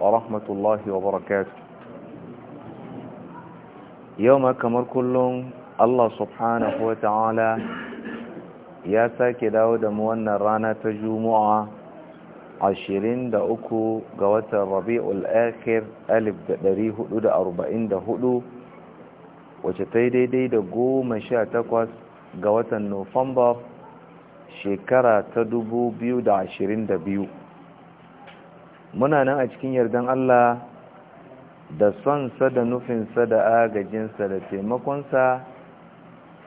ورحمة الله وبركاته يوم كمر كلهم الله سبحانه وتعالى ya sake dawo da mu wannan rana ta juma'a da uku ga watan rabi'ul akhir 1444 wacce ta yi daidai da 18 ga watan nufamba shekara ta da biyu. muna nan a cikin yardan Allah da son sa da nufinsa da agajinsa da taimakonsa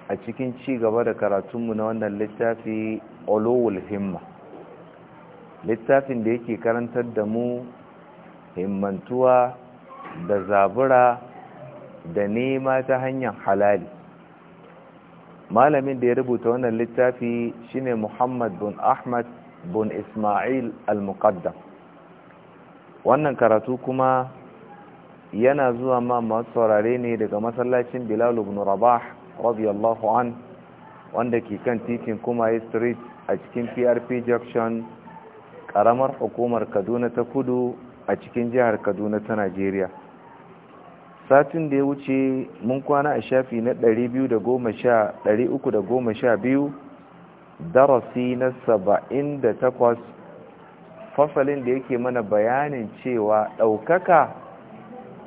a cikin ci gaba da karatunmu na wannan littafi olowul himma littafin da yake karantar da mu himmantuwa da zabura da nema ta hanyar halali malamin da ya rubuta wannan littafi shine muhammad bin ahmad bin ismail al-muqaddam wannan karatu kuma yana zuwa ma masaurare ne daga masallacin bilal ibn rabah radiyallahu an wanda ke kan titin yi street a cikin prp junction karamar hukumar kaduna ta kudu a cikin jihar kaduna ta najeriya satin da ya wuce mun kwana a shafi na 310 darasi na 78 fasalin da yake mana bayanin cewa ɗaukaka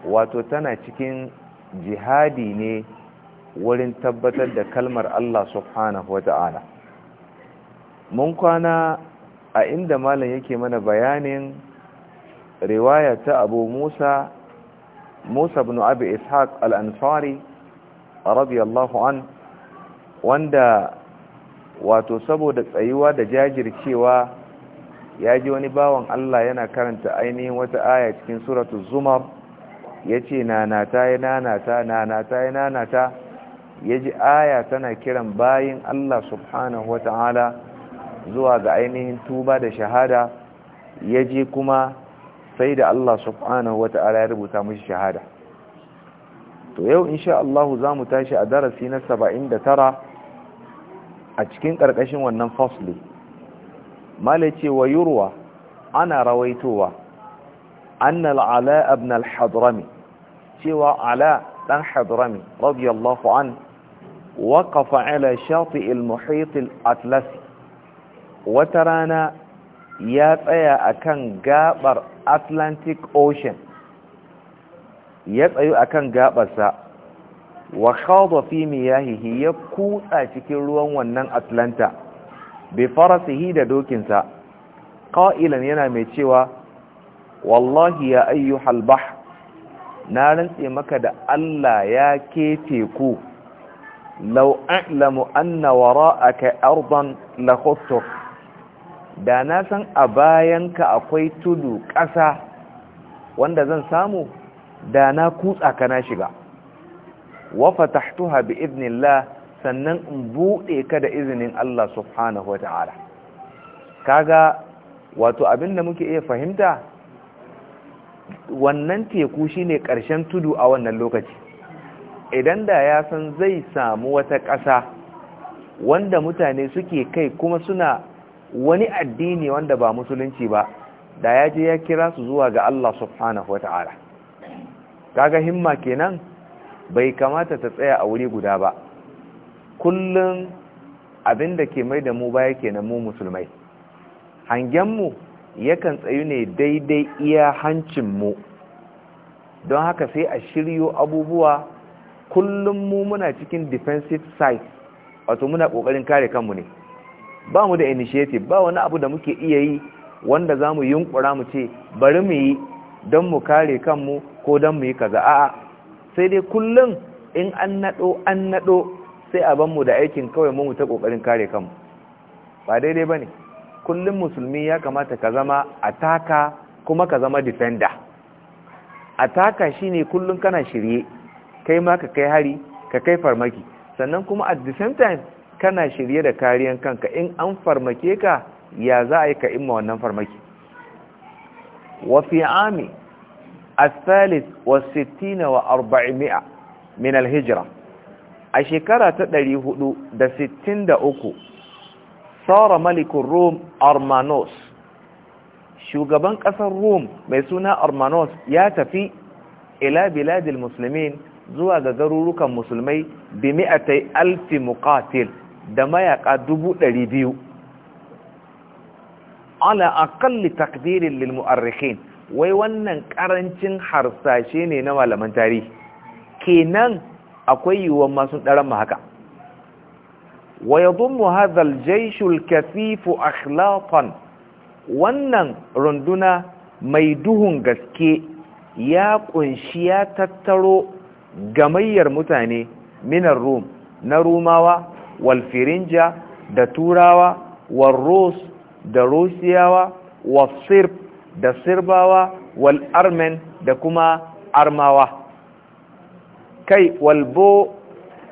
wato tana cikin jihadi ne wurin tabbatar da kalmar Allah subhanahu wata'ala mun kwana a inda malam yake mana bayanin riwaya ta abu musa musa bin abi ishaq al-ansari radiyallahu an wanda wato saboda tsayuwa da jajircewa ya ji wani bawan Allah yana karanta ainihin wata aya cikin suratu zumar ya ce nanata ya nanata nanata ya nanata ya ji aya tana kiran bayin Allah subhanahu wata'ala zuwa ga ainihin tuba da shahada ya ji kuma sai da Allah subhanahu wata'ala ya rubuta mashi shahada to yau insha Allah za mu tashi a darasi na 79 a cikin ƙarƙashin wannan fasli malace wa yurwa ana rawaitowa annal ala ibn al-hadrami cewa ala dan hadrami radiyallahu an waqafa ala shati al-muhit al-atlasi wata rana ya tsaya akan gabar Atlantic Ocean ya tsayu akan gabarsa wa khada fi miyahihi ya kutsa cikin ruwan wannan Atlanta bi farasihi da dokinsa qa'ilan yana mai cewa wallahi ya ayyuhal halbah na rantse maka da Allah ya ke teku law a'lamu anna wara'aka ardan la khuttu da na san a bayan ka akwai tudu ƙasa wanda zan samu da na kutsa na shiga wa fatahtuha bi idnillah sannan in buɗe ka da izinin Allah subhanahu wa ta'ala kaga wato abinda muke iya fahimta wannan teku shine ƙarshen tudu a wannan lokaci idan da ya san zai samu wata ƙasa wanda mutane suke kai kuma suna wani addini wanda ba musulunci ba da ya je ya kira su zuwa ga Allah subhanahu wata'ala kaga himma kenan bai kamata ta tsaya a wuri guda ba kullum abin da ke mai da mu baya nan mu musulmai hangenmu yakan tsayu ne daidai iya hancinmu don haka sai a shiryo abubuwa kullum mu muna cikin defensive side wato muna ƙoƙarin kare kanmu ne ba mu da initiative ba wani abu da muke iya yi wanda za mu yunkura mu ce bari mu yi don mu kare kanmu ko don mu yi kaza a'a sai dai kullum in an naɗo an naɗo sai a banmu da aikin kawai mu ta kokarin kare kanmu ba daidai bane kullum musulmi ya kamata ka zama ataka kuma ka zama defender ataka shine kullum kana shirye kai ma ka kai hari ka kai farmaki sannan kuma a the same time kana shirye da kariyan kanka in an farmake ka ya za a yi ka imma wannan farmaki wa fi wa الثالث والستين وأربعمائة من a shekara ta ɗari da sittin 463 saura malikun rome armanos shugaban ƙasar rome mai suna armanos ya tafi ila biladil musulmin zuwa ga garurukan musulmai bi mi'atai alfi mukatil da mayaka biyu. ala akalli takdirin lil mu'arrikhin wai wannan ƙarancin harsashe ne na malaman tarihi kenan akwai yiwuwan masu ɗaran haka wa yadhummu hadha al-jaysh akhlaqan wannan runduna mai duhun gaske ya ƙunshi ya tattaro gamayyar mutane minar rum na rumawa wal firinja da turawa wal da rusiyawa wal da sirbawa wal armen da kuma armawa kai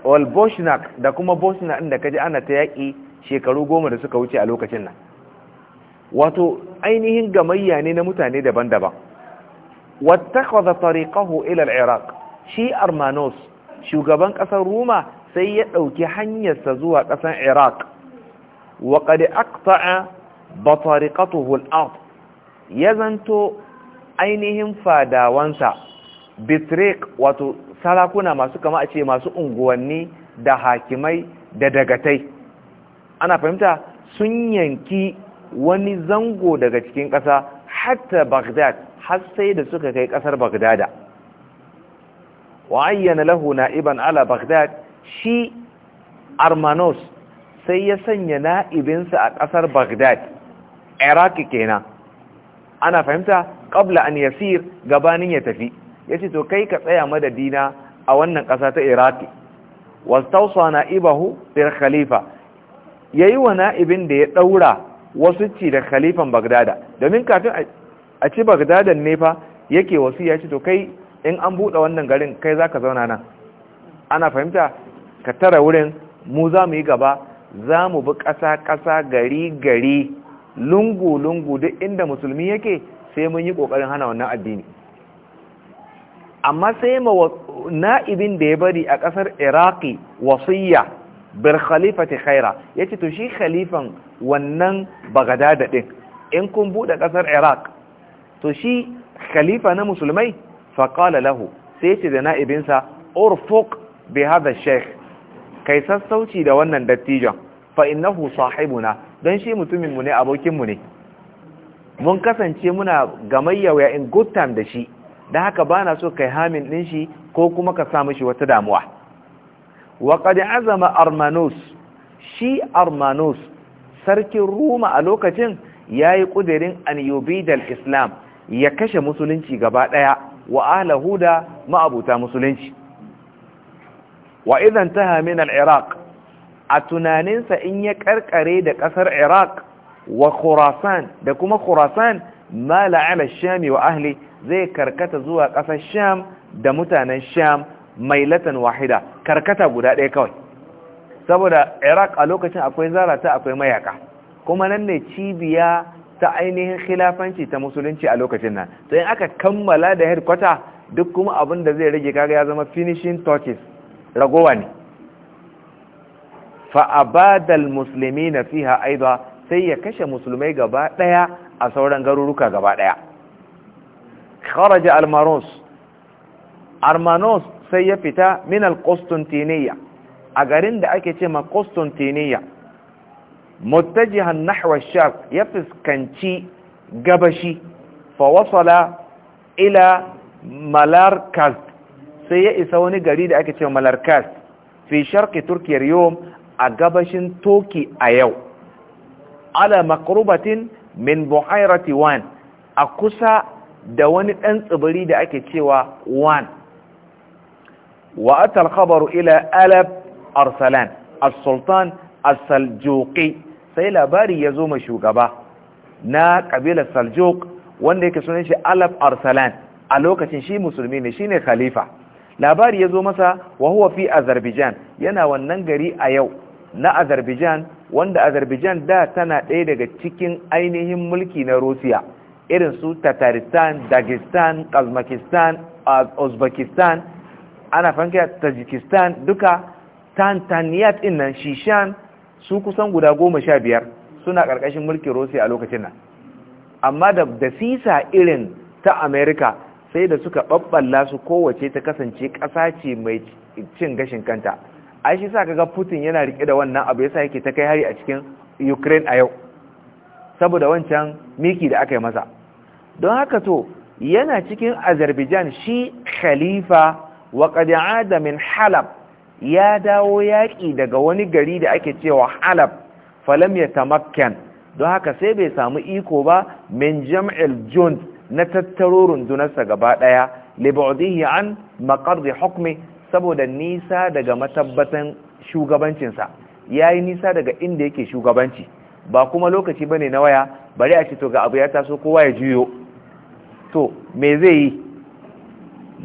walboshnak da kuma boshnak inda kaji ana ta yaƙi shekaru goma da suka wuce a lokacin nan wato ainihin gamayya ne na mutane daban-daban wattakhadha tariqahu ila iraq shi armanos shugaban kasar roma sai ya ɗauki hanyarsa zuwa ƙasar iraq wa qad ba batariqatuhu hul'ad ya zanto ainihin fadawansa bitrek wato sarakuna masu kama a ce masu unguwanni da hakimai da dagatai ana fahimta sun yanki wani zango daga cikin ƙasa hatta bagdad har sai da suka kai ƙasar bagdada wa ayyana lahu na'iban ala bagdad shi armanos sai ya sanya na'ibinsa a ƙasar bagdad iraki kenan ana fahimta ƙabla an yasir gabanin ya tafi ya to kai ka tsaya madadina a wannan ƙasa ta iraki na ibahu bil khalifa ya yi wa na'ibin da ya ɗaura wasu ci da khalifan bagdada domin kafin a ci bagdadan nefa yake wasu ya cito to kai in an buɗe wannan garin kai za ka zauna nan ana fahimta ka tara wurin mu za mu yi gaba za mu bi ƙasa ƙasa gari gari lungu lungu duk inda musulmi yake sai mun yi ƙoƙarin hana wannan addini amma sai ma na'ibin da ya bari a ƙasar iraki wasiyya bil khalifati khaira yace to shi khalifan wannan da din in kun bude ƙasar iraq to shi khalifa na musulmai fa qala lahu sai yace da na'ibinsa urfuq bi hada sheikh kai sassauci da wannan dattijon fa innahu sahibuna don shi mutumin mu ne abokinmu ne mun kasance muna gamayya in good time da shi da haka ba na so kai hamin ɗin shi ko kuma ka sa mishi wata damuwa waƙadi qad azama armanus shi armanus sarkin ruma a lokacin yayi ƙudirin an dal islam ya kashe musulunci gaba ɗaya, wa ahlahu da ma'abuta musulunci wa idan ta min al-iraq a tunaninsa in ya karkare da ƙasar iraq wa khurasan da kuma khurasan ma la'ala shami wa ahli zai karkata zuwa ƙasar sham da mutanen sham mai latan wahida karkata guda ɗaya kawai saboda iraq a lokacin akwai zarata akwai mayaka kuma nan ne cibiya ta ainihin khilafanci ta musulunci a lokacin nan to in aka kammala da headquarter duk kuma abin da zai rage kaga ya zama finishing touches ragowa ne fa'abadal musulmi nasiha fiha sai ya kashe musulmai gaba daya a sauran garuruka gaba ɗaya kharaja almaros armanos sai ya fita min alqustantiniya a garin da ake ce ma qustantiniya muttajihan nahwa ash-sham ya fuskanci gabashi fa wasala ila malarkaz sai ya isa wani gari da ake ce malarkaz fi sharqi turkiyar yo a gabashin toki a yau ala makrubatin min buhairati wan a kusa da wani ɗan tsibiri da ake cewa wan wa atal khabaru ila alab arsalan as-sultan as-saljuqi sai labari ya zo ma shugaba na kabilar saljuq wanda yake sunan shi alab arsalan a lokacin shi musulmi ne shine khalifa labari ya zo masa wa huwa fi azerbaijan yana wannan gari a yau na azerbaijan wanda azerbaijan da tana ɗaya daga cikin ainihin mulki na rusiya irin su tataristan dagestan kazmakistan uzbekistan ana fanka tajikistan duka tantaniyat innan shishan su kusan guda goma sha biyar suna karkashin mulkin rosiya a lokacin nan amma da sisa irin ta amerika sai da suka ɓaɓɓalla su kowace ta kasance kasa ce mai cin gashin kanta ai shi sa kaga putin yana rike da wannan abu yasa yake ta kai hari a cikin ukraine a yau saboda wancan miki da aka yi masa don haka to yana cikin azerbaijan shi khalifa wa qad'ada min halab ya dawo yaƙi daga wani gari da ake cewa halab falam ya tamakken don haka sai bai samu iko ba min jam'il jund na tattaro rundunarsa gaba ɗaya libaudihi an makardi hukmi saboda nisa daga matabbatan shugabancinsa ya yi nisa daga inda yake shugabanci ba kuma lokaci bane na waya bari a ce to ga abu ya taso kowa ya juyo to me zai yi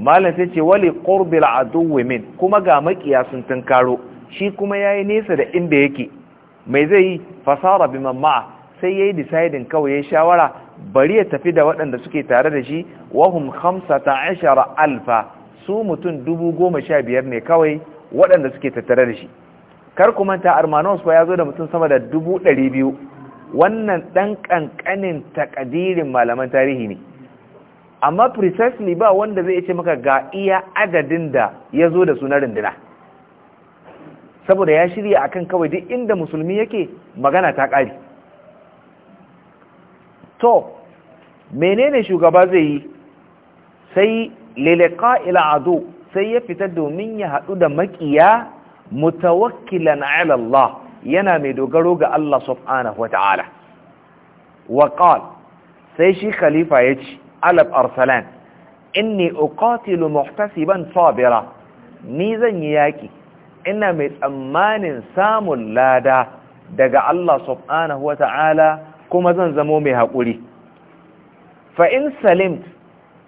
malam sai ce wali qurbil aduwwi min kuma ga makiya sun tunkaro shi kuma yayi nesa da inda yake me zai yi fasara biman ma'a sai yayi deciding kawai ya shawara bari ya tafi da waɗanda suke tare da shi wahum ashara alfa su mutum dubu sha biyar ne kawai waɗanda suke tattare da shi kar ku manta armanos fa ya zo da mutum sama da dubu biyu. wannan ɗan ƙanƙanin takadirin malaman tarihi ne amma precisely ba wanda zai ce maka ga iya adadin da ya zo da sunarin dina saboda ya shirya akan kawai duk inda musulmi yake magana ta ƙari to menene shugaba zai yi sai lilika ila ado sai ya fita domin ya haɗu da makiya mutawakkilan Allah yana mai dogaro ga Allah subhanahu wa ta'ala wa sai shi khalifa ya ce alab arsalan inni uqatilu muhtasiban sabira ni zan yi yaki ina mai tsammanin samun lada daga Allah subhanahu wata'ala kuma zan zamo mai haƙuri fa in salimt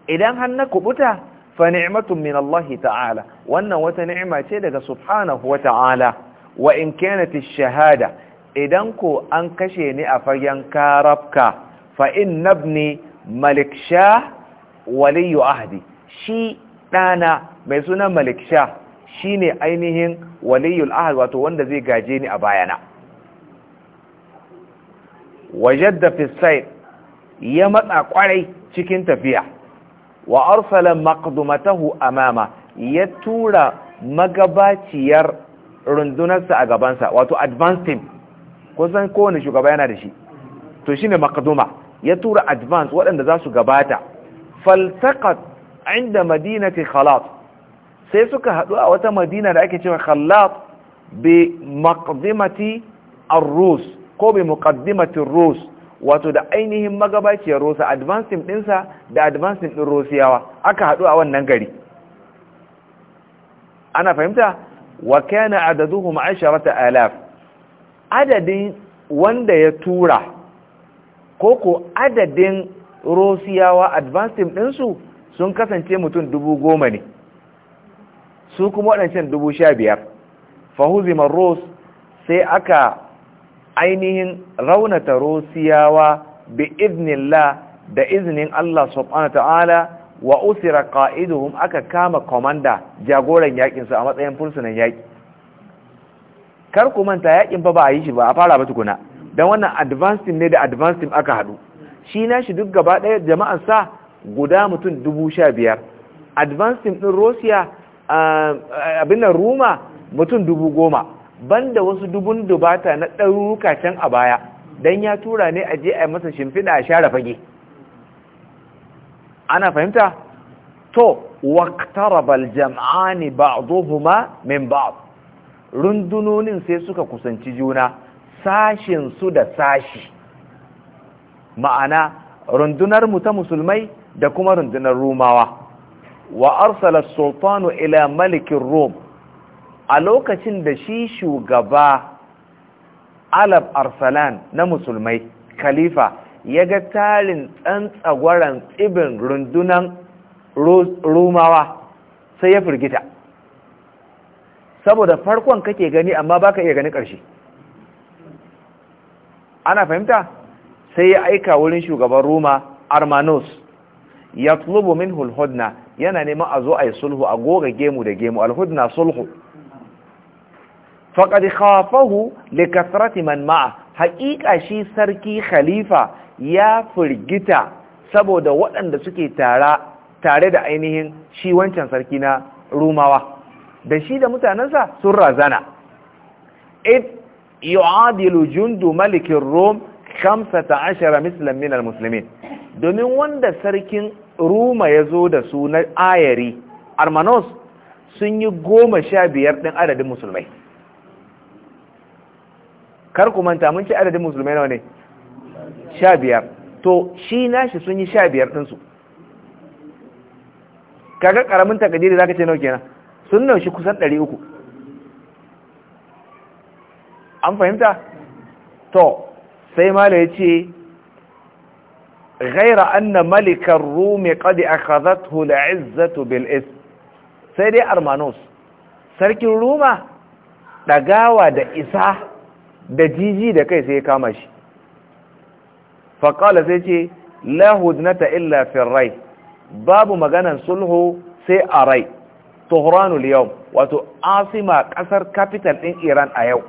idan har na kubuta fa ni'matun min Allah ta'ala wannan wata ni'ima ce daga subhanahu wata'ala wa in kanati shahada idan ko an kashe ni a fagen karabka fa in nabni malik shah waliyu ahdi shi ɗana mai suna malik shah shi ne ainihin waliyul ahad wato wanda zai gaje ni a bayana Wajen da fisaid ya matsa kwarai cikin tafiya wa arsala maqdumatahu amama ya tura magabaciyar rundunarsa a gabansa wato advance team kusan kowane shugaba yana da shi to shi ne maqduma ya tura advance waɗanda za su gabata faltaqat inda madinati khalat sai suka haɗu a wata madina da ake cewa khalat bi maqdimati ar-rus ko bi muqaddimati ar-rus wato da ainihin magabaciyar rosa advance team ɗinsa da advance team ɗin rosiyawa aka haɗu a wannan gari ana fahimta wa kana adaduhum 10000 adadin wanda ya tura ko ko adadin rosiyawa advanced team ɗinsu sun kasance mutum dubu goma ne su kuma waɗancan dubu sha biyar fahuzimar ros sai aka ainihin raunata rosiyawa bi idnillah da iznin Allah subhanahu ta'ala wa usira qa'iduhum aka kama komanda jagoran yakin a matsayin fursunan yaki kar ku manta yakin ba ba a yi shi ba a fara ba tukuna da wannan advanced ne da advanced team aka hadu shi na shi duk gaba ɗaya jama'ar sa guda mutum dubu sha biyar advanced team ɗin russia abin nan ruma mutum dubu goma banda wasu dubun dubata na ɗaruruka can a baya don ya tura ne a je a yi masa shimfiɗa a share fage ana fahimta to jama'ani ba ba'dhuhuma min ba rundunonin sai suka kusanci juna su da sashi ma'ana rundunar mu ta musulmai da kuma rundunar rumawa wa arsala sultanu ila malikin rom a lokacin da shi shugaba alab arsalan na musulmai khalifa ya ga tarin tsantsagwaran tsibin rundunan rumawa sai ya firgita saboda farkon kake gani amma baka iya gani ƙarshe ana fahimta sai ya aika wurin shugaban Roma Armanus ya tulubu min hulhudna yana neman a zo a yi sulhu a goga gemu da gemu alhudna sulhu faƙad khafahu li kasrati man ma'a haƙiƙa shi sarki khalifa ya firgita saboda waɗanda suke tare da ainihin shi wancan sarki na rumawa da shi da mutanensa sun razana yu'adilu jundu malikin rom kamsata ashara mislan minal musulmin domin wanda sarkin ruma ya zo da su na ayari armanos sun yi goma sha biyar ɗin adadin musulmai kar ku manta mun ci adadin musulmai nawa ne sha biyar to shi nashi sun yi sha biyar ɗinsu kaga ƙaramin takadiri za ka ce nawa kenan sun naushi kusan ɗari uku an fahimta to sai malo ya ce ghaira anna malikar rumi a akhadhathu al'izzatu bil is sai dai armanus sarkin ruma dagawa da isa da jiji da kai sai kama shi faƙala sai ce na illa firrai babu maganan sulhu sai a rai tuhranul yau wato asima ƙasar kapital ɗin iran a yau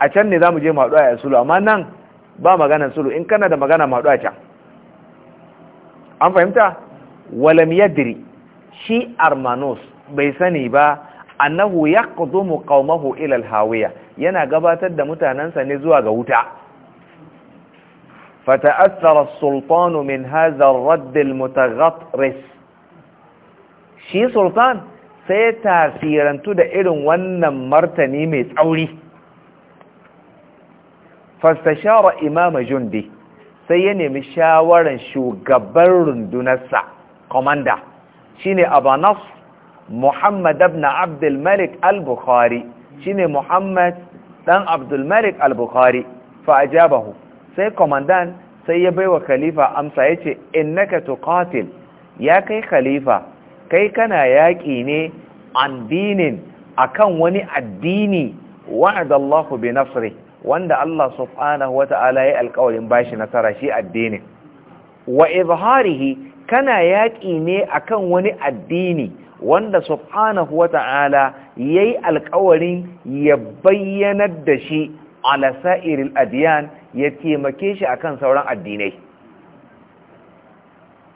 a can ne za mu je maɗu a sulu amma nan ba magana sulu in kana da magana maɗu can an fahimta walam yadri shi armanos bai sani ba annahu mu kaumahu ilal hawiya yana gabatar da mutanensa ne zuwa ga wuta fata'athara as min hadha ar-radd al shi sultan sai tasirantu da irin wannan martani mai tsauri fastashara imama jundi sai ya nemi shawaran shugaban rundunarsa komanda shine abanas muhammad ibn abdul malik al-bukhari shine muhammad dan abdul malik al-bukhari fa ajabahu sai komandan sai ya baiwa khalifa amsa yace innaka tuqatil ya kai khalifa kai kana yaki ne an dinin akan wani addini wa'adallahu bi nasrihi wanda Allah subhanahu ta'ala ya alƙawarin bashi nasara shi addinin wa izharihi kana yaƙi ne akan wani addini wanda subhanahu ya yayi alƙawarin ya bayyanar da shi ala sa'iril adyan ya taimake shi akan sauran addinai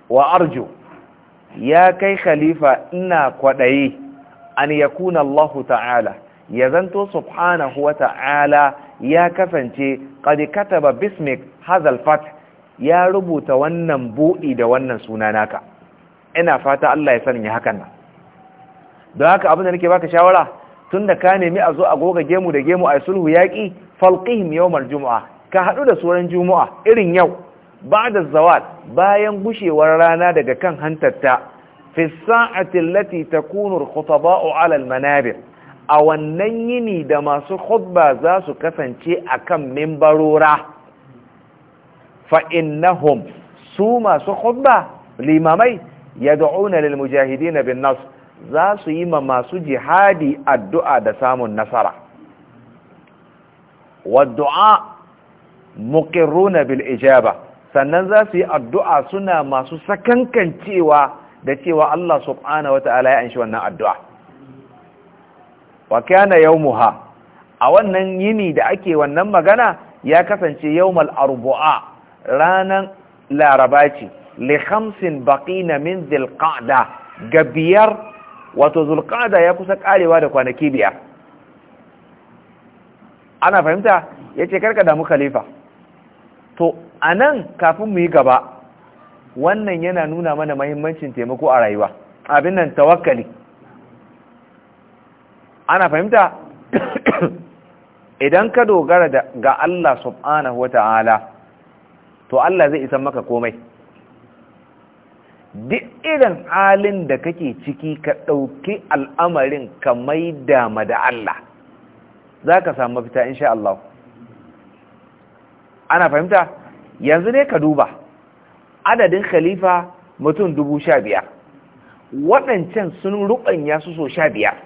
wa arju ya kai khalifa ina kwaɗayi an kuna Allah ta'ala ya zanto subhanahu ta'ala. ya kasance qad kataba bismik hazal ya rubuta wannan buɗi da wannan suna naka ina fata Allah ya sani hakan nan don haka abin da nake baka shawara tunda ka nemi a zo a goga gemu da gemu a sulhu yaƙi falqihim yawmal juma'a ka haɗu da suran jumu'a irin yau ba da zawal bayan gushewar rana daga kan hantarta fi sa'ati allati ta al-khutaba'u 'ala manabir a wannan yini da masu khutba za su kasance akan mimbarora fa innahum su masu khutba limamai yad'una lil mujahidin bin nas za su yi ma masu jihadi addu'a da samun nasara waddu'a muqirruna bil ijaba sannan za su yi addu'a suna masu sakankan cewa da cewa Allah subhanahu wataala ya shi wannan addu'a wa kana yawmuha a wannan yini da ake wannan magana ya kasance yawmal arbu'a ranan laraba ce li khamsin baqina min ga biyar wato qa'da ya kusa karewa da kwanaki biya ana fahimta yace karka da mu khalifa to anan kafin mu yi gaba wannan yana nuna mana mahimmancin taimako a rayuwa abin nan tawakkali ana fahimta idan ka dogara ga Allah subhanahu wa ta'ala to Allah zai isan maka komai duk irin halin da kake ciki ka ɗauki al'amarin ka mai dama da Allah za ka samu fita insha Allah ana fahimta yanzu ne ka duba adadin khalifa mutum dubu sha biyar waɗancan sun ruɓanya su so sha biyar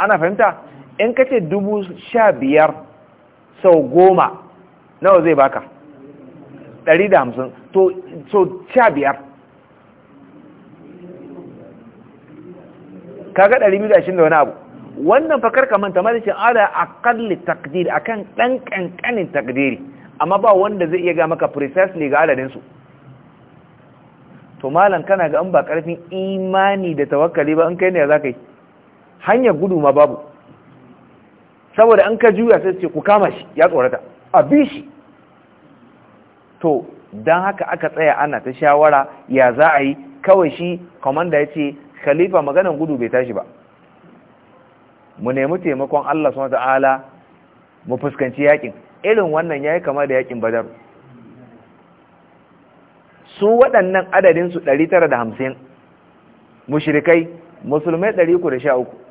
ana fahimta in ka ce dubu sha biyar sau goma nawa zai baka ɗari da hamsin to so sha biyar kaga ɗari biyu da ashirin da wani abu wannan fakar ka manta ma da shi a kalli takdiri akan ɗan ƙanƙanin takdiri amma ba wanda zai iya ga maka precisely ga adadinsu to malam kana ga an ba ƙarfin imani da tawakkali ba in kai ne za ka yi hanyar gudu ma babu saboda an ka juya sai ce ku kama shi ya tsorata a bi shi to don haka aka tsaya ana ta shawara ya za a yi kawai shi kwamanda ya ce khalifa maganan gudu bai tashi ba mu nemi taimakon Allah subhanahu ta'ala mu fuskanci yakin irin wannan ya yi kama da yakin badar su waɗannan adadinsu 950 mushirikai musulmai 313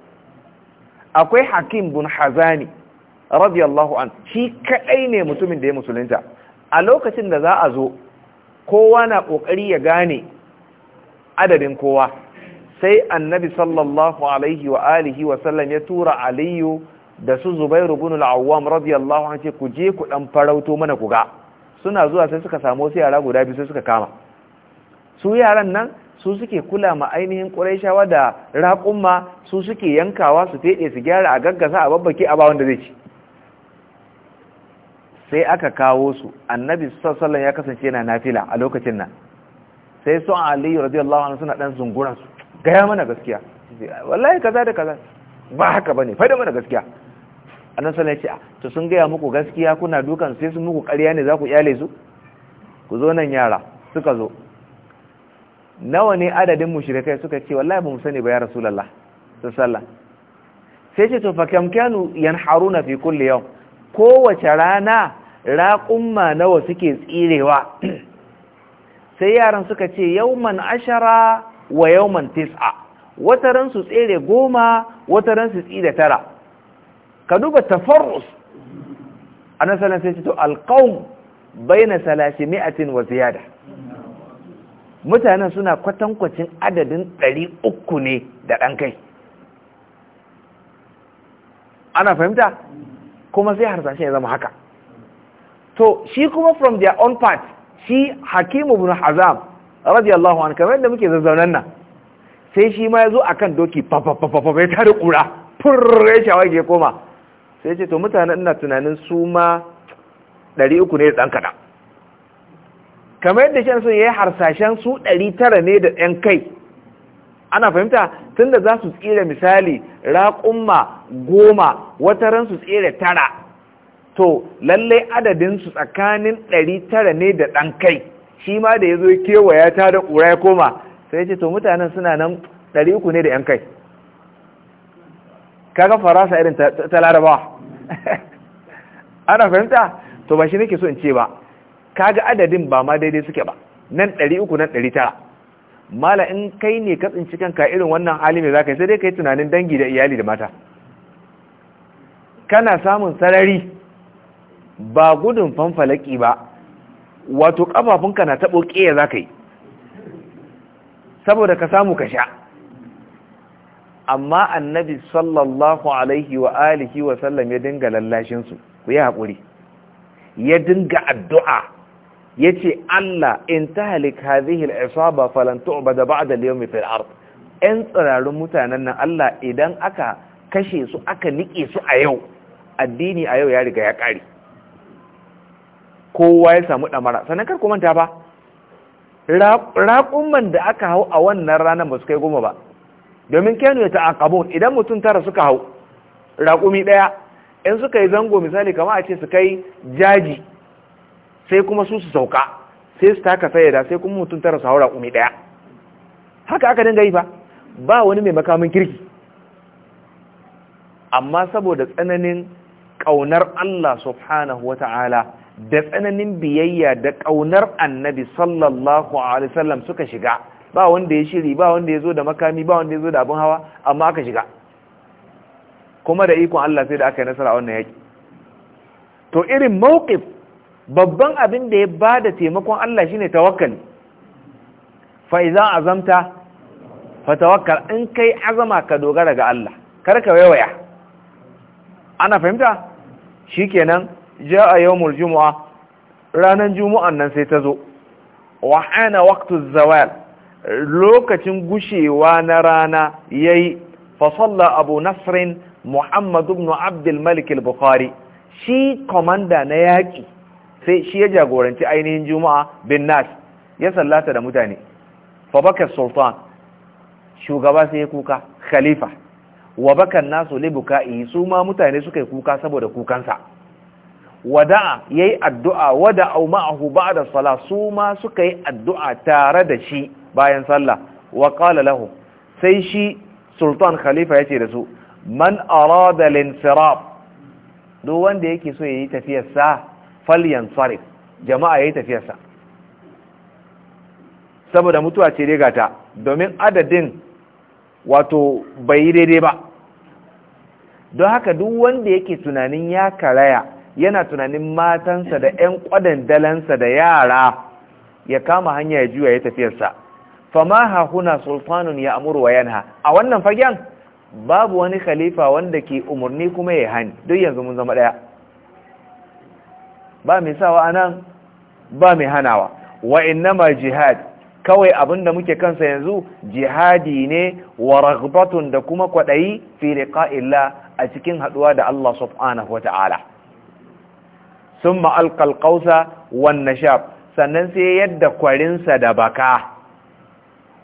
akwai hakim bin hazani radiyallahu an shi kadai ne mutumin da ya musulunta a lokacin da za a zo kowa na kokari ya gane adadin kowa sai annabi sallallahu alaihi wa alihi wa sallam ya tura aliyu da su zubairu bin al-awwam radiyallahu anhu ce ku je ku dan farauto mana ku ga suna zuwa sai suka samu wasu yara guda biyu sai suka kama su yaran nan su suke kula ma ainihin ƙuraishawa da raƙumma su suke yankawa su feɗe su gyara a gaggasa a babbaki a bawon da zai ci sai aka kawo su annabi sassallon ya kasance yana nafila a lokacin nan sai su Aliyu radiyallahu anhu suna ɗan zungura su gaya mana gaskiya wallahi kaza da kaza ba haka bane faɗa mana gaskiya annabi sallallahu ya ce to sun gaya muku gaskiya kuna dukan sai sun muku ƙarya ne za ku iyale su ku zo nan yara suka zo nawa ne adadin mushrikai suka ce wallahi ba mu sani ba ya rasulullah sallallahu sai ce to fa kanu yanharuna fi kulli yawm kowace rana raqumma nawa suke tsirewa sai yaran suka ce yawman ashara wa yawman tis'a wataran su tsere goma wataran su tsire tara ka duba tafarrus annabi sallallahu sai ce to alqawm baina 300 wa ziyada mutanen suna kwatankwacin adadin ɗari uku ne da ɗan kai ana fahimta kuma sai harsashe ya zama haka to shi kuma from their own part shi hakimu bin hazam radiyallahu an kamar yadda muke zazzaunan nan sai shi ma ya zo a kan doki fafafafafa ya tare ƙura furre shawa ke koma sai ce to mutanen na tunanin su ma ɗari uku ne da ɗan kaɗan kamar yadda shan sun yi harsashen su ɗari tara ne da ɗan kai ana fahimta tunda za su tsira misali raƙumma goma wata su tsira tara to lallai adadin su tsakanin ɗari tara ne da ɗan kai shi ma da ya zo kewaya ta da ƙura ya koma sai ce to mutanen suna nan ɗari uku ne da ɗan kai kaga farasa irin ta larabawa ana fahimta to ba shi nake so in ce ba kaga adadin ba ma daidai suke ba nan 300 nan 900 mala in kai ne ka tsinci kanka irin wannan hali mai zaka sai dai kai tunanin dangi da iyali da mata kana samun sarari ba gudun fanfalaki ba wato kafafunka na tabo kiyaye zaka yi saboda ka samu ka sha amma annabi sallallahu alaihi wa alihi wa sallam ya dinga lallashin su ku yi haƙuri ya dinga addu'a Ya ce, Allah in t'a hadhihi al-isaba falan tu'bada ba'da al-yawmi fil ard Yan tsirarun mutanen nan Allah idan aka kashe su aka nike su a yau addini a yau ya riga ya ƙare kowa ya samu ɗamara sannan kar kuma ta ba raƙumman da aka hau a wannan ranar ba su kai goma ba domin kenu ya ta'aqabun idan mutum tara suka hau raƙumi ɗaya in suka yi zango misali kama a ce su kai jaji sai kuma su su sauka sai su taka sayada sai kuma mutum tara su haura umi daya haka aka dinga yi ba ba wani mai makamin kirki amma saboda tsananin kaunar Allah subhanahu wa ta'ala da tsananin biyayya da kaunar annabi sallallahu alaihi wasallam suka shiga ba wanda ya shiri ba wanda ya zo da makami ba wanda ya zo da abin hawa amma aka shiga kuma da ikon Allah sai da aka yi nasara wannan yaki to irin mawqif babban abin da ya ba da taimakon Allah shine tawakkali fa idza azamta fatawakkal in kai azama ka dogara ga Allah kar ka waiwaya ana fahimta shi shikenan jaa yawmul jumu'a Ranar jumu'an nan sai ta zo wa ana waqtu zawal lokacin gushewa na rana yayi fa salla abu Nasirin muhammad ibn abd malik al-bukhari shi komanda na yaki sai shi ya jagoranci ainihin juma'a bin nas ya sallata da mutane fa sultan shugaba sai ya kuka khalifa wa bakan nasu buka'i su ma mutane suka yi kuka saboda kukansa wada'a yayi addu'a wada'u ma'ahu da Sala su ma suka yi addu'a tare da shi bayan sallah wa qala lahu sai shi sultan khalifa ya ce da su man arada linsirab duk wanda yake so yayi tafiyar sa falyan tsarif jama'a ya yi tafiyarsa saboda mutuwa ce dai gata domin adadin wato bai yi daidai ba don haka duk wanda yake tunanin ya karaya yana tunanin matansa da 'yan kwadan dalansa da yara ya kama hanya ya juya ya tafiyarsa fama hahuna sultanun ya amuru wa a wannan fagen babu wani khalifa wanda ke umarni kuma ya hani don yanzu mun zama daya ba mai sawa anan ba mai hanawa wa innama jihad kawai abinda muke kansa yanzu jihadi ne wa ragbatun da kuma kwadayi fi liqa'illah a cikin haduwa da Allah subhanahu wata'ala summa alqal qausa wan nashab sannan sai yadda kwarinsa da baka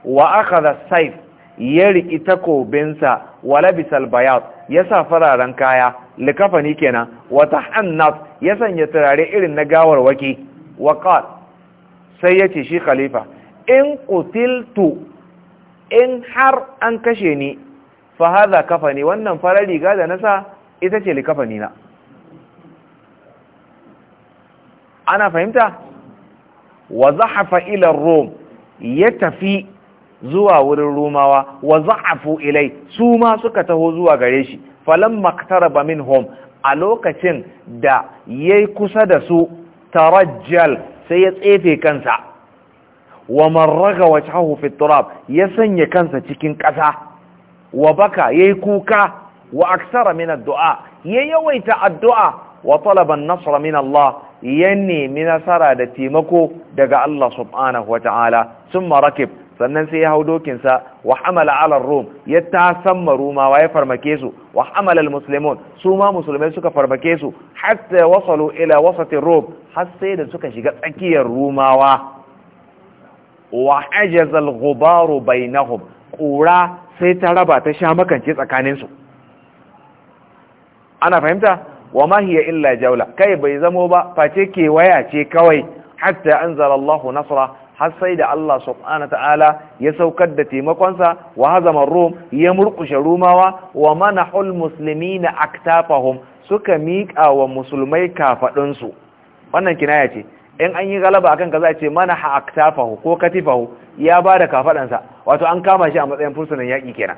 wa akhadha sayf ya riki takobinsa wa labisal bayad ya sa fararen kaya likafani kenan wa tahannat ya sanya turare irin na gawarwaki wa qal sai yace shi khalifa in qutiltu in har an kashe ni fa kafani wannan farar riga da nasa ita ce likafani ana fahimta wa zahafa ila rom ya tafi zuwa wurin rumawa wa za'afu ilai su ma suka taho zuwa gare shi falan maktaraba home. a lokacin da yayi kusa da su tarajjal sai ya tsefe kansa wa marraga wa fi turab ya sanya kansa cikin ƙasa wa baka yayi kuka wa aksara min du'a ya yawaita addu'a wa talaban Nasara, nasra min Allah ya nemi nasara da taimako daga Allah subhanahu wa ta'ala sannan sai ya hau dokinsa wa hamala ala rum ya tasamma rumawa ya farmake su wa hamala suma su ma musulmai suka farmake su hatta wasalu ila wasati rum har sai da suka shiga tsakiyar rumawa wa ajaza bai bainahum qura sai ta raba ta sha makance tsakaninsu. ana fahimta wa mahiya illa jawla kai bai zamo ba face kewaya ce kawai hatta zara, Allahu nasra har sai da Allah subhanahu ta'ala ya saukar da taimakonsa wa hazama rum ya murkushe rumawa wa manahul muslimina aktafahum suka miƙa wa musulmai kafadunsu. wannan kinaya ce in an yi galaba akan kaza ce manaha aktafahu ko katifahu ya bada kafadansa wato an kama shi a matsayin fursunan yaki kenan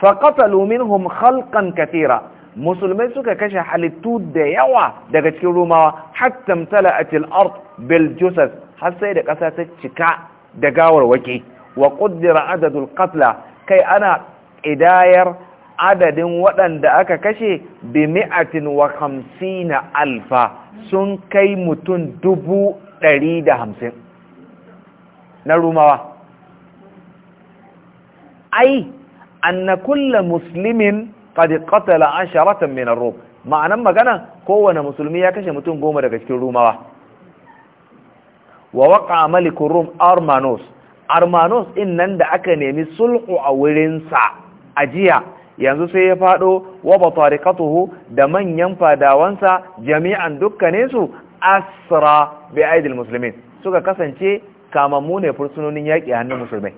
faqatalu minhum khalqan katira musulmai suka kashe halittu da yawa daga cikin rumawa hatta mtala'atil ard bil jusas har sai da ƙasa ta cika da gawarwaki wa qaddara adadul qatla kai ana idayar adadin waɗanda aka kashe bi mi'atin wa hamsina alfa sun kai mutum dubu ɗari da hamsin na rumawa ai anna kulla muslimin qad qatala asharatan min ar-rum ma'anan magana kowane musulmi ya kashe mutum goma daga cikin rumawa wa waqa malikur rum armanos armanos din nan da aka nemi sulhu a wurinsa jiya, yanzu sai ya fado wa batariqatuhu da manyan fadawansa jami'an dukkaninsu asra bi aidil suka kasance kamammu ne fursunonin yaƙi hannun musulmai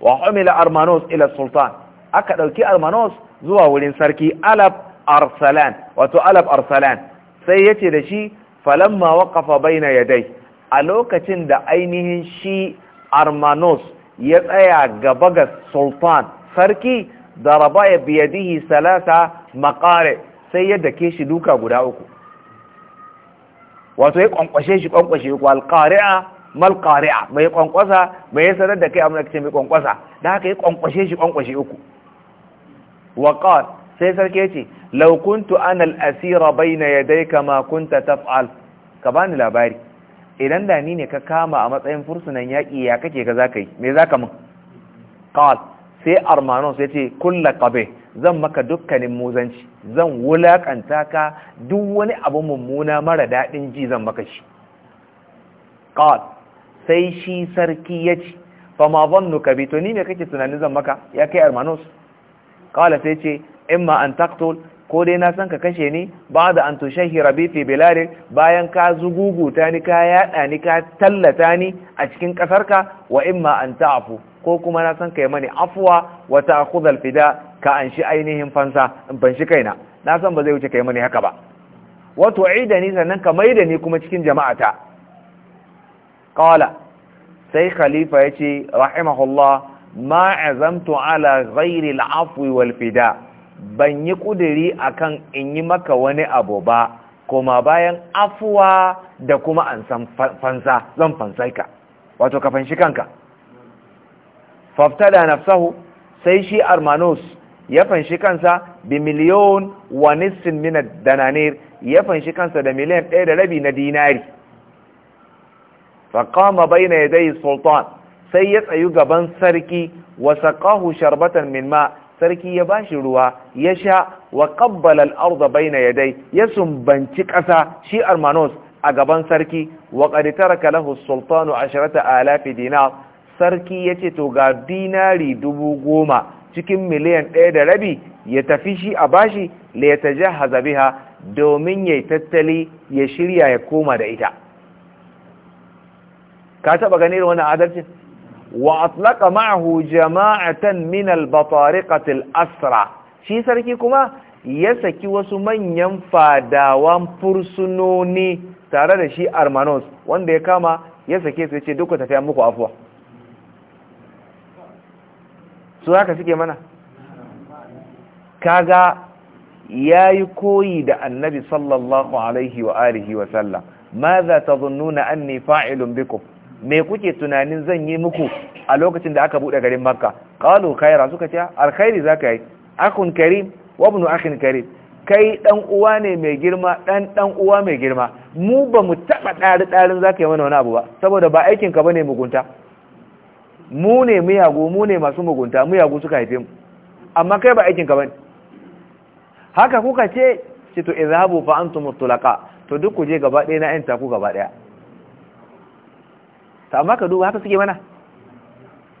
wa umila armanos ila sultan aka ɗauki almanos zuwa wurin sarki alab arsalan wato alab arsalan sai ya ce da shi falamma waƙafa baina ya dai a lokacin da ainihin shi armanos ya tsaya gaba ga sultan sarki da raba ya biyadihi salasa makare sai ya dake shi duka guda uku wato ya kwankwashe shi kwankwashe uku alƙari'a malƙari'a mai kwankwasa mai ya sanar da kai amurka ce mai kwankwasa da haka ya kwankwashe shi kwankwashe uku وقال sai sarki yace law kuntu ana al-asira bayna yadayka ma kunta taf'al ka bani labari idan da ni ne ka kama a matsayin fursunan yaki ya kake ka zaka yi me zaka min qal sai armanon sai yace kullu qabe zan maka dukkanin muzanci zan wulaƙanta ka duk wani abu mummuna mara daɗin ji zan maka shi qal sai shi sarki yace fa ma zannuka bi to ni ne kake tunanin zan maka ya kai armanos qala sai ce imma an taqtul ko dai na san ka kashe ni ba da an tushahi fi bilari bayan ka zuguguta ni ka yada ni ka tallata ni a cikin kasarka wa in ma an afu ko kuma na san kai mani afwa wata ta'khudha fida ka an shi ainihin fansa in ban shi kaina na san ba zai wuce kai mani haka ba da ni sannan ka da ni kuma cikin jama'ata qala sai khalifa yace rahimahullah ma azamtu ala ghairi al'afwi wal fida ban yi kuduri akan in yi maka wani abu ba kuma bayan afuwa da kuma an san fansa zan fansai ka wato ka fanshi kanka faftada nafsahu sai shi armanus ya fanshi kansa bi miliyon wa nisfin min dananir ya fanshi kansa da miliyan ɗaya da rabi na dinari qama bayna yaday sultan sai ya tsayu gaban sarki wa saqahu sharbatan min ma sarki ya bashi ruwa ya sha wa qabbala al ardha bayna yaday ya sumbanci ƙasa shi armanos a gaban sarki wa qad taraka lahu as-sultanu 10000 dinar sarki yace to ga dinari dubu goma cikin miliyan ɗaya da rabi ya tafi shi a bashi la yatajahhaza biha domin yayi tattali ya shirya ya koma da ita ka taba da wannan adalcin wa atlaka ma'ahu jama'atan min al-batariqati al-asra shi sarki kuma ya saki wasu manyan fadawan fursunoni tare da shi armanos wanda ya kama ya sake su ya ce duka tafiya muku afuwa su haka suke mana kaga ya yi koyi da annabi sallallahu alaihi wa alihi wa sallam ma za ta anni fa'ilun bikum me kuke tunanin zan yi muku a lokacin da aka bude garin makka qalu khaira suka ce alkhairi zaka yi akhun karim wa ibn akhin karim kai dan uwa ne mai girma dan dan uwa mai girma mu ba mu taba dari darin zaka yi mana wani abu ba saboda ba aikin ka bane mugunta mu ne miyagu mu ne masu mugunta miyagu suka haife mu amma kai ba aikin ka bane haka kuka ce ce to izhabu fa antum mutlaqa to duk ku je gaba ɗaya na yanta ku gaba ɗaya to amma ka duba haka suke mana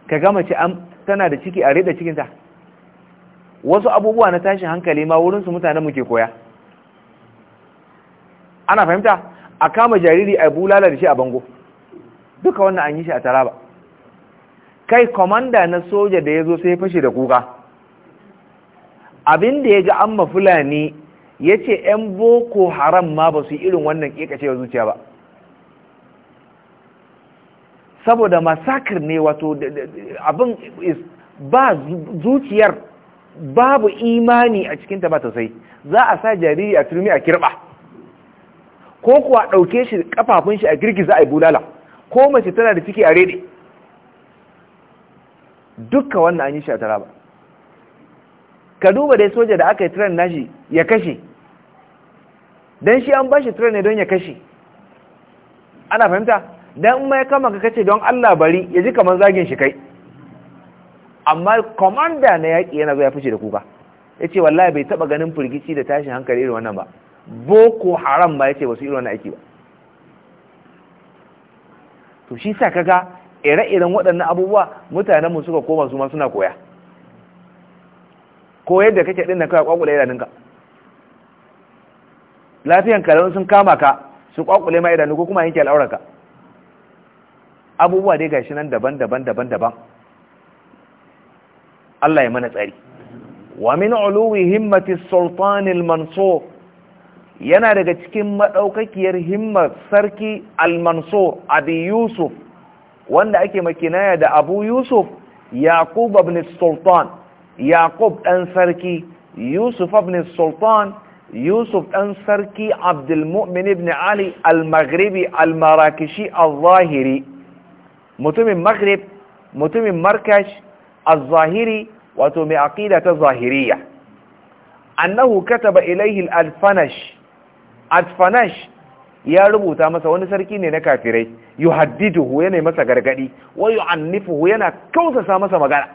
ka gama ci tana da ciki a rida cikinta wasu abubuwa na tashin hankali ma wurinsu mutane muke koya ana fahimta a kama jariri a bulala da shi a bango duka wannan an yi shi a taraba kai kwamanda na soja da ya zo sai fashe da kuka abin da ya ga an mafulani ya ce 'yan boko haram ma ba su yi irin wannan ƙeƙashewa zuciya ba saboda masakir ne wato abin ba zuciyar babu imani a cikin ta ba tausayi za a sa jariri a turmi a kirba ko kuwa ɗauke shi kafafun shi a girgiza a bulala ko mace tana da ciki a rede dukka wannan an yi shi a taraba ka duba dai soja da aka yi tiran nashi ya kashe don shi an ba shi tiran ne don ya kashe ana fahimta dan mai kama ka kace don Allah bari ya ji kamar zagin shi kai amma commander na yaki yana zo ya fice da kuka yace wallahi bai taba ganin firgici da tashin hankali irin wannan ba boko haram ba yace ba su irin wannan aiki ba to shi sa kaga ire-iren waɗannan abubuwa mutanen mu suka koma su ma suna koya ko yadda kake din nan kawai kwakule idanunka lafiyan kalaun sun kama ka su kwakule ma idanu ko kuma yanke al'aurarka abubuwa dai gashi nan daban-daban daban-daban Allah ya mana tsari wa min uluwi himmatin sultanil mansur yana daga cikin madaukakiyar himmar sarki al-mansur abi yusuf wanda ake makinaya da abu yusuf yaqub ibn sultan yaqub dan sarki yusuf ibn sultan yusuf Ɗan sarki abdul mu'min ibn ali al-maghribi al-marakishi al zahiri mutumin maghrib mutumin markash az-zahiri wato mai aqida ta zahiriya annahu kataba ilayhi al-fanash al-fanash ya rubuta masa wani sarki ne na kafirai yuhaddiduhu yana masa gargadi wa yu'annifuhu yana kausasa masa magana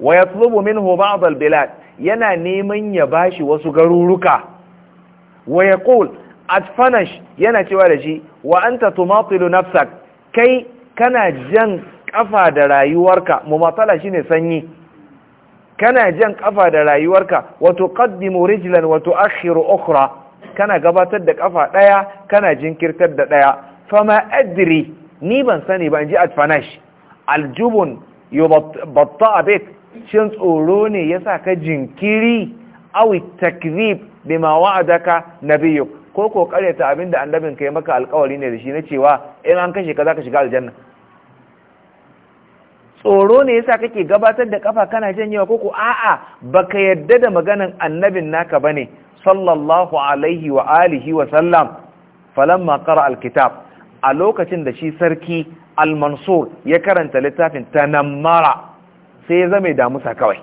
wa yatlubu minhu ba'd al-bilad yana neman ya bashi wasu garuruka wa yaqul adfanash yana cewa da shi wa anta tumatilu nafsak kai kana jan kafa da rayuwarka mumatala shine sanyi kana jan kafa da rayuwarka wato qaddimu rijlan wato tu'akhiru ukhra kana gabatar da kafa daya kana jinkirtar da daya fama adri ni ban sani ba inji atfanash aljubun yubatta bit shin tsoro ne yasa ka jinkiri aw takzib bima wa'adaka biyu. ko ko karyata abinda annabin ka maka alkawari ne da shi na cewa in an kashe ka zaka shiga aljanna tsoro ne yasa kake gabatar da kafa kana janyewa ko ko a'a baka yadda da maganan annabin naka bane sallallahu alaihi wa alihi wa sallam falamma qara alkitab a lokacin da shi sarki almansur ya karanta littafin tanammara sai ya zame damusa kawai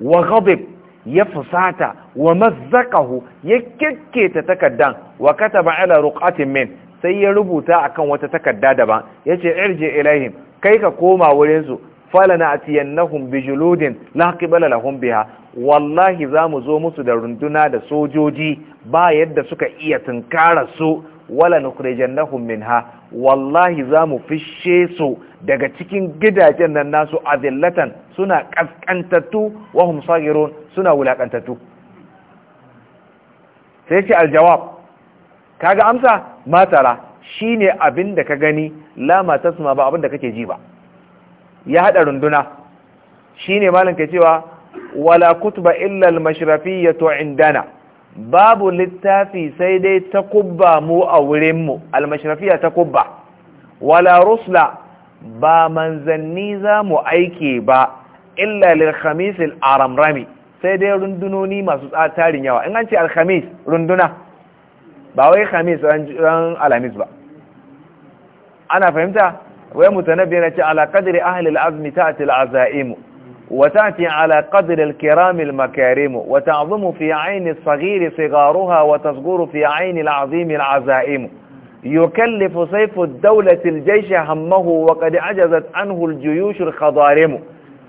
wa ghadib ya fusata wa mazzaqahu ya kekketa takaddan wa kataba ala ruqatin min sai ya rubuta akan wata takadda daban yace irji ilaihim kai ka koma wurin su falanatiyannahum bijuludin la qibala lahum biha wallahi zamu zo musu da runduna da sojoji ba yadda suka iya tunkara su wala nukhrijannahum minha wallahi zamu fishe su daga cikin gidajen nan nasu azillatan suna kaskantattu wahum hum sagirun suna wulakantattu sai ce aljawab kaga amsa matara shine abin da ka gani la matasma ba abin da kake ji ba ya haɗa runduna shine malam ka cewa wala kutuba illa al indana babu littafi sai dai ta kubba mu a wurin mu ya ta kubba. wala rusla ba manzanni za mu aike ba illa lil khamis al-aramrami sai dai rundunoni masu tarin yawa in an ce alhamis runduna ba wai khamis ran alhamis ba ana fahimta wai mutanabbi na ce ala qadri ahli alazmi ta'ati ta'ti wa ta'ati ala qadri al-kiram makarimu wa ta'zumu fi 'ayn as sigaruha wa tasghuru fi 'ayn al-'azim yukallifu sayfu ad-dawlati al hammahu wa qad ajazat anhu aljuyush juyush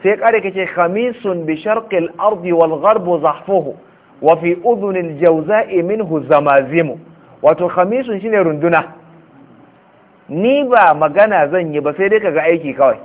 sai kare kace khamisun bi sharqil ardi wal gharb zahfuhu wa fi udhun al jawza'i minhu zamazim wato khamisun shine runduna ni ba magana zan yi ba sai dai kaga aiki kawai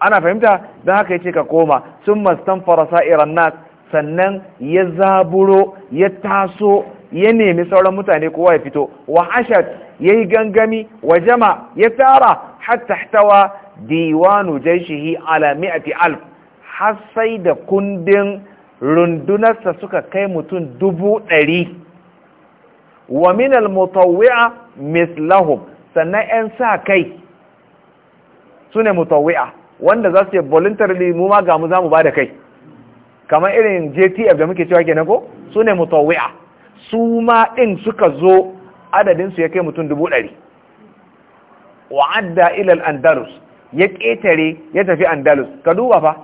ana fahimta dan haka yace ka koma summa stanfara sa'iran nas sannan ya zaburo ya taso ya nemi sauran mutane kowa ya fito wa ashat yayi gangami wa jama ya tara hatta ihtawa diwanu jaishihi ala mi'ati alf har sai da kundin rundunarsa suka kai mutum dubu ɗari wa min almutawwi'a mislahum sannan 'yan sa kai su ne mutawwi'a wanda za su yi voluntarily mu ma ga mu za mu ba da kai kamar irin jtf da muke cewa kenan ko su ne mutawwi'a su ma ɗin suka zo adadinsu ya kai mutum dubu ɗari wa'adda ilal andalus. ya ƙetare ya tafi andalus ka duba fa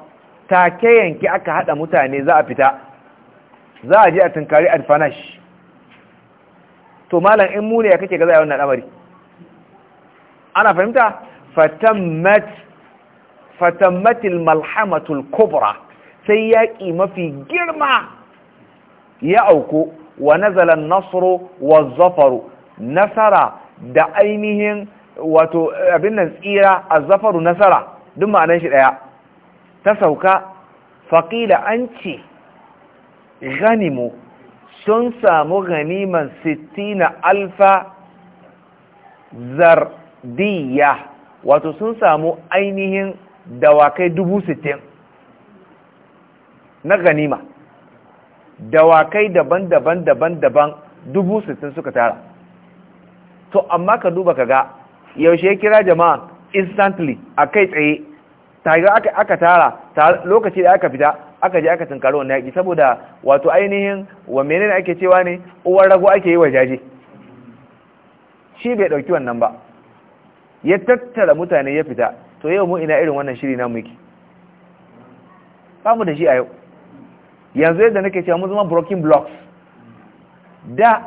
take yanki aka haɗa mutane za a fita za a je a tunkari alfanash to malam in mune ya kake gaza zai wannan ana fahimta fatammat fatammatil malhamatul kubra sai yaƙi mafi girma ya auku wa nazalan nasru wa zafaru nasara da ainihin wato abin nan tsira a zafaru nasara duk ma'anan shi ɗaya ta sauka faƙila an ce ganimu sun samu ganiman 60 alfa zardiya wato sun samu ainihin dawakai dubu sittin na ganima dawakai daban-daban daban-daban dubu sittin suka tara to amma ka duba ka ga yaushe ya kira jama'a instantly a kai tsaye tare aka tara lokaci da aka fita aka je aka tunkari wannan yaƙi saboda wato ainihin wa menene ake cewa ne uwar rago ake yi wa jaje shi bai ɗauki wannan ba ya tattara mutane ya fita to yau mu ina irin wannan shiri na muke famu da shi a yau yanzu yadda nake cewa mu zama broken blocks da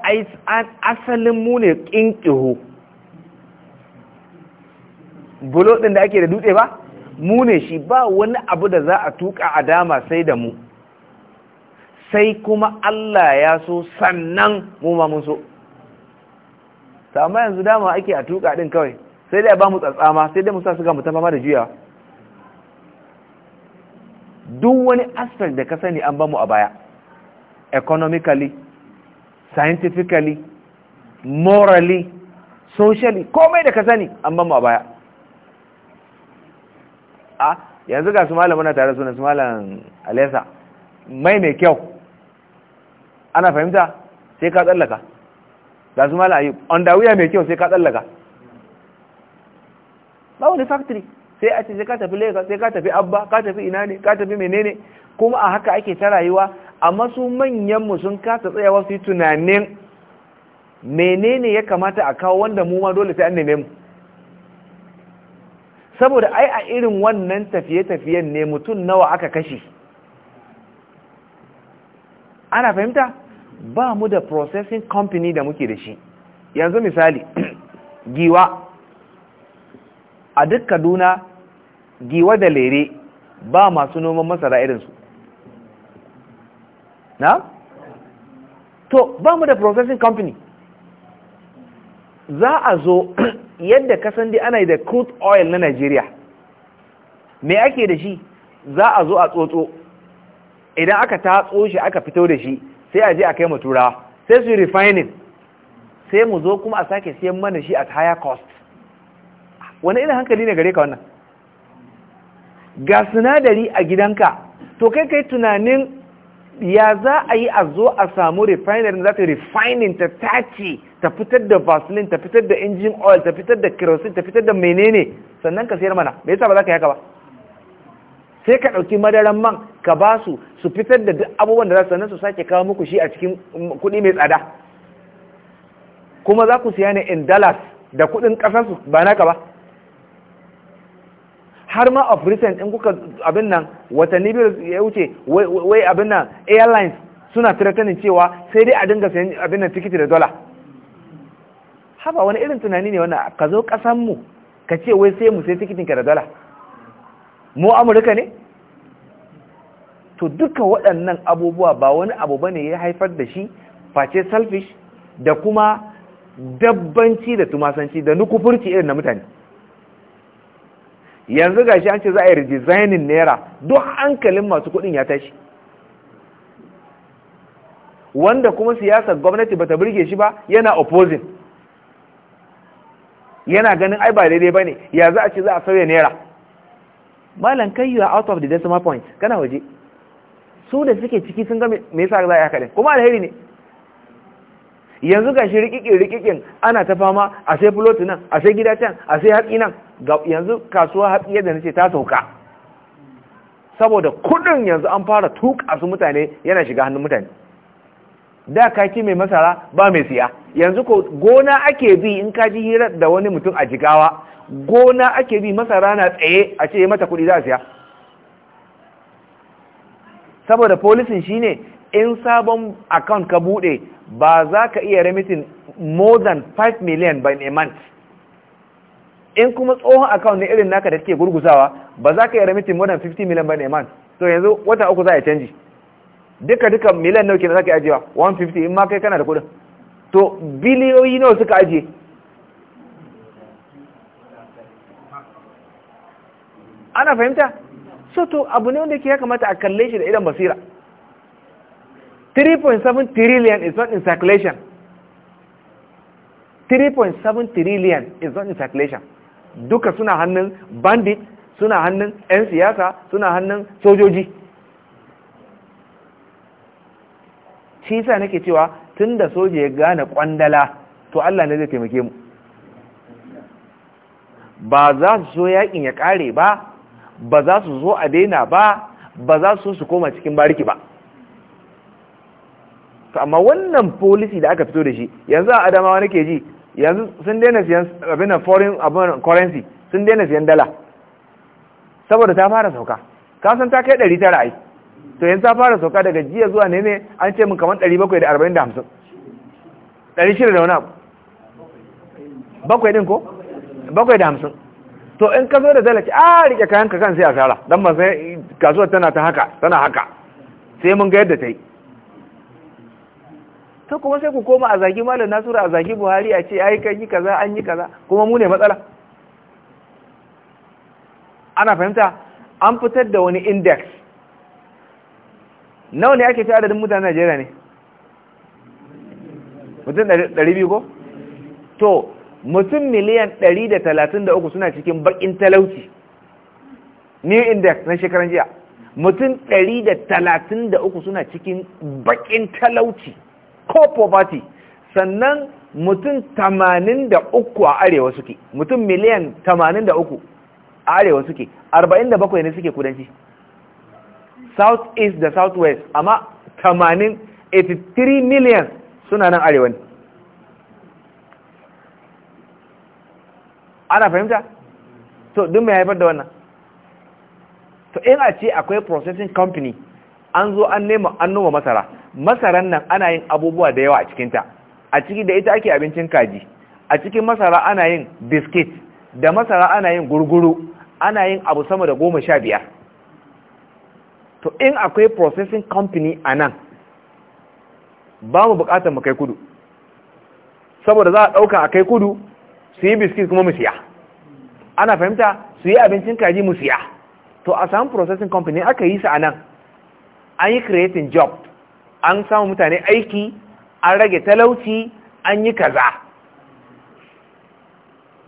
asalin mu ne ƙinƙiho bulo ɗin da ake da dutse ba mu ne shi ba wani abu da za a tuka a dama sai da mu sai kuma Allah ya so sannan mu ma mun so amma yanzu dama ake a tuka ɗin kawai sai dai ba mu tsatsama sai dai mu sa su ga da juya duk wani aspect da ka sani an ba mu a baya economically scientifically morally socially komai da ka sani an ba mu a baya a yanzu ga su malam muna tare sunan su malam alesa mai mai kyau ana fahimta sai ka tsallaka ga su malam ayub wuya mai kyau sai ka tsallaka ba wani factory sai a ce sai ka tafi lega sai ka tafi abba ka tafi ina ne ka tafi menene kuma a haka ake ta rayuwa amma su manyanmu sun kasa tsayawa su yi tunanin menene ya kamata a kawo wanda mu ma dole sai an neme mu saboda ai a irin wannan tafiye-tafiyen ne mutum nawa aka kashe ana fahimta ba mu da processing company da muke da shi yanzu misali giwa a duk kaduna giwa da lere ba masu noman masara irinsu na? to ba mu da processing company za a zo yadda kasan dai ana da crude oil na Najeriya me ake da shi za a zo a tsotso idan aka tatso shi aka fito da shi sai a je a kai mutura, sai su refining sai mu zo kuma a sake siyan mana shi at higher cost wani irin hankali ne gare ka wannan ga sinadari a gidanka to kai kai tunanin ya za a yi a zo a samu refinery za ta refining ta tace ta fitar da vaseline ta fitar da engine oil ta fitar da kerosene ta fitar da menene sannan ka sayar mana me yasa ba za ka yi haka ba sai ka ɗauki madaran man ka ba su su fitar da duk abubuwan da za su sannan su sake kawo muku shi a cikin kuɗi mai tsada kuma za ku siya ne in dollars da kuɗin ƙasarsu ba naka ba har ma of recent in kuka abin nan watanni biyu ya wuce wai abin nan airlines suna threatening cewa sai dai a dinga sayan abin nan tikiti da dola haba wani irin tunani ne wannan ka zo kasan mu ka ce wai sai mu sai tikitin ka da dola mu amurka ne to duka waɗannan abubuwa ba wani abu bane ya haifar da shi face selfish da kuma dabbanci da tumasanci da nukufurci irin na mutane yanzu gashi an ce za a yi redesigning naira duk hankalin masu kuɗin ya tashi wanda kuma siyasar gwamnati bata burge shi ba yana opposing yana ganin ai ba daidai bane ya za a ce za a sauya naira malam kai yi out of the decimal point kana waje su da suke ciki sun ga me yasa za a yi haka kuma alheri ne yanzu ga shi rikikin rikikin ana ta fama a sai fulot nan a sai gida a sai haƙi nan yanzu kasuwa haƙi yadda ce ta sauka saboda kudin yanzu an fara tuka su mutane yana shiga hannun mutane da kaki mai masara ba mai siya yanzu ko gona ake bi in ka ji hirar da wani mutum a jigawa gona ake bi masara na tsaye a ce mata kudi za a siya saboda polisin shine in sabon account ka bude ba za ka iya remitting more than 5 million by a month in kuma tsohon account ne irin naka da take gurgusawa ba za ka iya remitting more than 50 million by a month to yanzu wata uku za a canji duka duka miliyan nauke na za ka yi ajiyewa 150 in ma kai kana da kudin to biliyoyi nawa suka ajiye ana fahimta so to abu ne wanda ke ya kamata a kalle shi da idan basira 3.7 trillion is not in circulation. 3.7 trillion is not in circulation. Duka suna hannun bandit, suna hannun 'yan siyasa, suna hannun sojoji. Shi sa nake cewa tun da soja ya gane kwandala, to Allah ne zai taimake mu. Ba za su so yakin ya kare ba, ba za su zo a daina ba, ba za su su koma cikin bariki ba. to amma wannan policy da aka fito da shi yanzu a adamawa nake ji yanzu sun daina siyan abin da foreign abin currency sun daina siyan dala saboda ta fara sauka ka san ta kai 900 ai to yanzu ta fara sauka daga jiya zuwa ne ne an ce min kamar 740 600 da wani abu bakwai din ko bakwai da hamsin to in ka zo da zalaci a rike kayan ka kan sai asara don ba sai kasuwar tana ta haka tana haka sai mun ga yadda ta yi to kuma sai ku koma a zagi malam Nasiru a zagi Buhari a ce ai kan yi kaza an yi kaza kuma mu ne matsala ana fahimta an fitar da wani index nawa ne ake ce adadin mutanen Najeriya ne mutum 200 ko to mutum miliyan 133 suna cikin bakin talauci new index na shekaran jiya mutum 133 suna cikin bakin talauci ko poverty sannan mutum tamanin da uku a arewa suke mutum miliyan tamanin da uku a arewa suke arba'in da bakwai ne suke kudanci south east da south west amma tamanin 83 million suna nan arewa ne ana fahimta to duk mai haifar da wannan to in a ce akwai processing company an zo an nema an noma masara masaran nan ana yin abubuwa da yawa a cikinta a ciki da ita ake abincin kaji a cikin masara ana yin biskit da masara ana yin gurguru ana yin abu sama da goma sha biyar to in akwai processing company a nan ba mu bukatar mu kai kudu saboda za a ɗauka a kai kudu su yi biskit kuma mu siya ana fahimta su yi abincin kaji mu siya to a samun processing company aka yi sa a nan an yi creating job an samu mutane aiki an rage talauci an yi kaza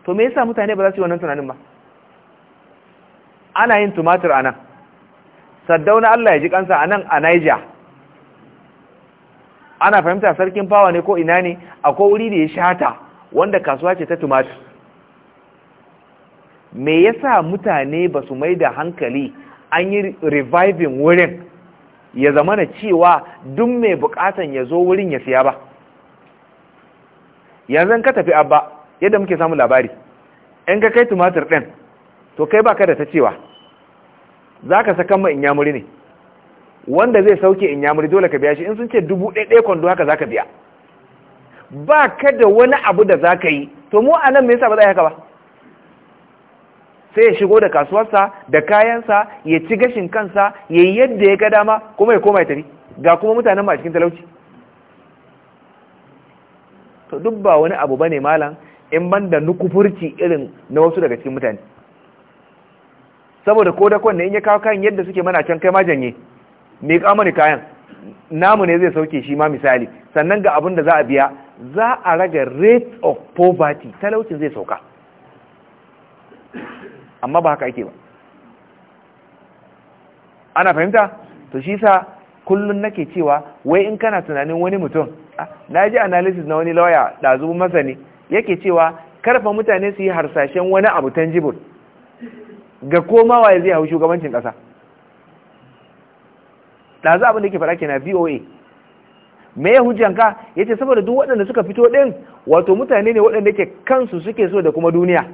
to me yasa mutane ba za su yi wannan tunanin ba ana yin tumatir a nan saddauna Allah ya ji kansa anan a Niger ana fahimta sarkin fawa ne ko ina ne a ko wuri da ya shata wanda kasuwa ce ta tumatir me yasa mutane ba su mai da hankali an yi reviving wurin ya zama na cewa duk mai bukatan ya zo wurin ya siya ba yanzu ka tafi abba yadda muke samun labari in ka kai tumatir ɗin to kai baka da ta cewa za ka sakan ma inyamuri ne wanda zai sauke inyamuri dole ka biya shi in sun ce dubu ɗaya-ɗaya kwando haka za ka biya ba ka da wani abu da za ka yi to mu a nan me yasa ba za a yi haka ba sai ya shigo da kasuwarsa da kayansa ya ci gashin kansa ya yi yadda ya ga dama kuma ya koma ya tafi ga kuma mutanen ma cikin talauci to duk ba wani abu bane malam in ban da nukufurci irin na wasu daga cikin mutane saboda ko da in ya kawo kayan yadda suke mana can kai ma janye me ka mani kayan namu ne zai sauke shi ma misali sannan ga abin da za a biya za a rage rate of poverty talaucin zai sauka amma ba haka ake ba ana fahimta to shi sa kullun nake cewa wai in kana tunanin wani mutum na ji analysis na wani lawyer ɗazu masani yake cewa karfa mutane su yi harsashen wani abu tangible ga komawa ya zai hau shugabancin ƙasa ɗazu abin da ke faɗa voa me ya hujjanka ya ce saboda duk waɗanda suka fito ɗin wato mutane ne waɗanda ke kansu suke so da kuma duniya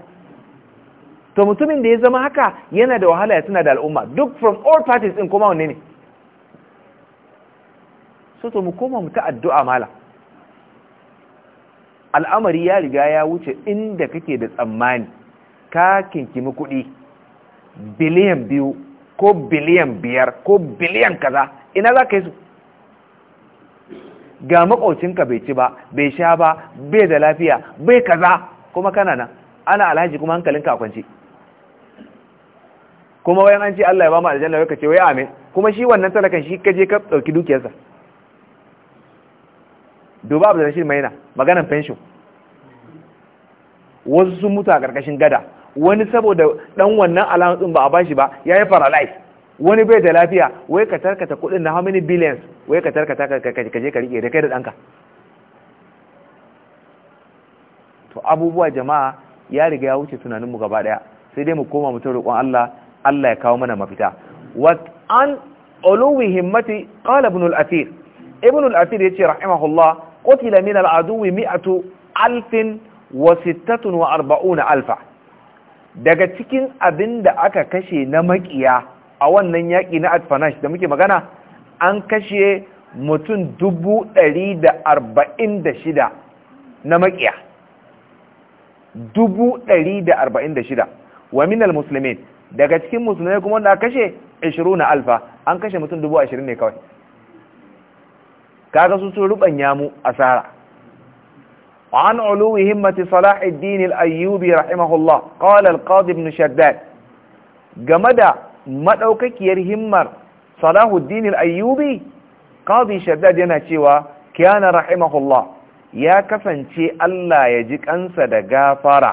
to mutumin da ya zama haka yana da wahala ya tuna da al'umma duk from all parties in kuma wanne ne so to mu koma mu ta addu'a mala al'amari ya riga ya wuce inda kake da tsammani ka kinkimi kuɗi biliyan biyu ko biliyan biyar ko biliyan kaza ina za ka yi su ga makocinka bai ci ba bai sha ba bai da lafiya bai kaza kuma kana nan ana alhaji kuma hankalinka a kwanci kuma wayan an ce Allah ya ba mu aljanna wai kace wai amin kuma shi wannan talakan shi kaje ka dauki dukiyarsa duba abu da shi maina maganan pension wasu sun mutu a karkashin gada wani saboda dan wannan alamun ba a bashi ba yayi paralyze wani bai da lafiya wai ka tarkata kudin na how many billions wai ka tarkata ka kaje ka rike da kai da danka to abubuwa jama'a ya riga ya wuce tunaninmu gaba daya sai dai mu koma mu ta roƙon Allah Allah ya kawo mana mafita Wat an uluwi himmati qala ibn al-athir ibn al-athir yace rahimahullah qutila min al-aduwi mi'atu alfin wa sittatun wa arba'una alfa daga cikin abinda aka kashe na makiya a wannan yaƙi na adfanash da muke magana an kashe mutum dubu ɗari da arba'in da shida na makiya dubu ɗari da arba'in da shida wa minal musulmin daga cikin musulmai kuma wanda kashe 20 na alfa an kashe mutum 20 ne kawai kaga su sun rubanya mu asara وعن علو همة صلاح الدين الأيوبي رحمه الله قال القاضي ابن شداد جمد مدوككير همر صلاح الدين الأيوبي قاضي شداد ينهشيوا كان رحمه الله يا كفنشي ألا يجيك أنسى دقافرة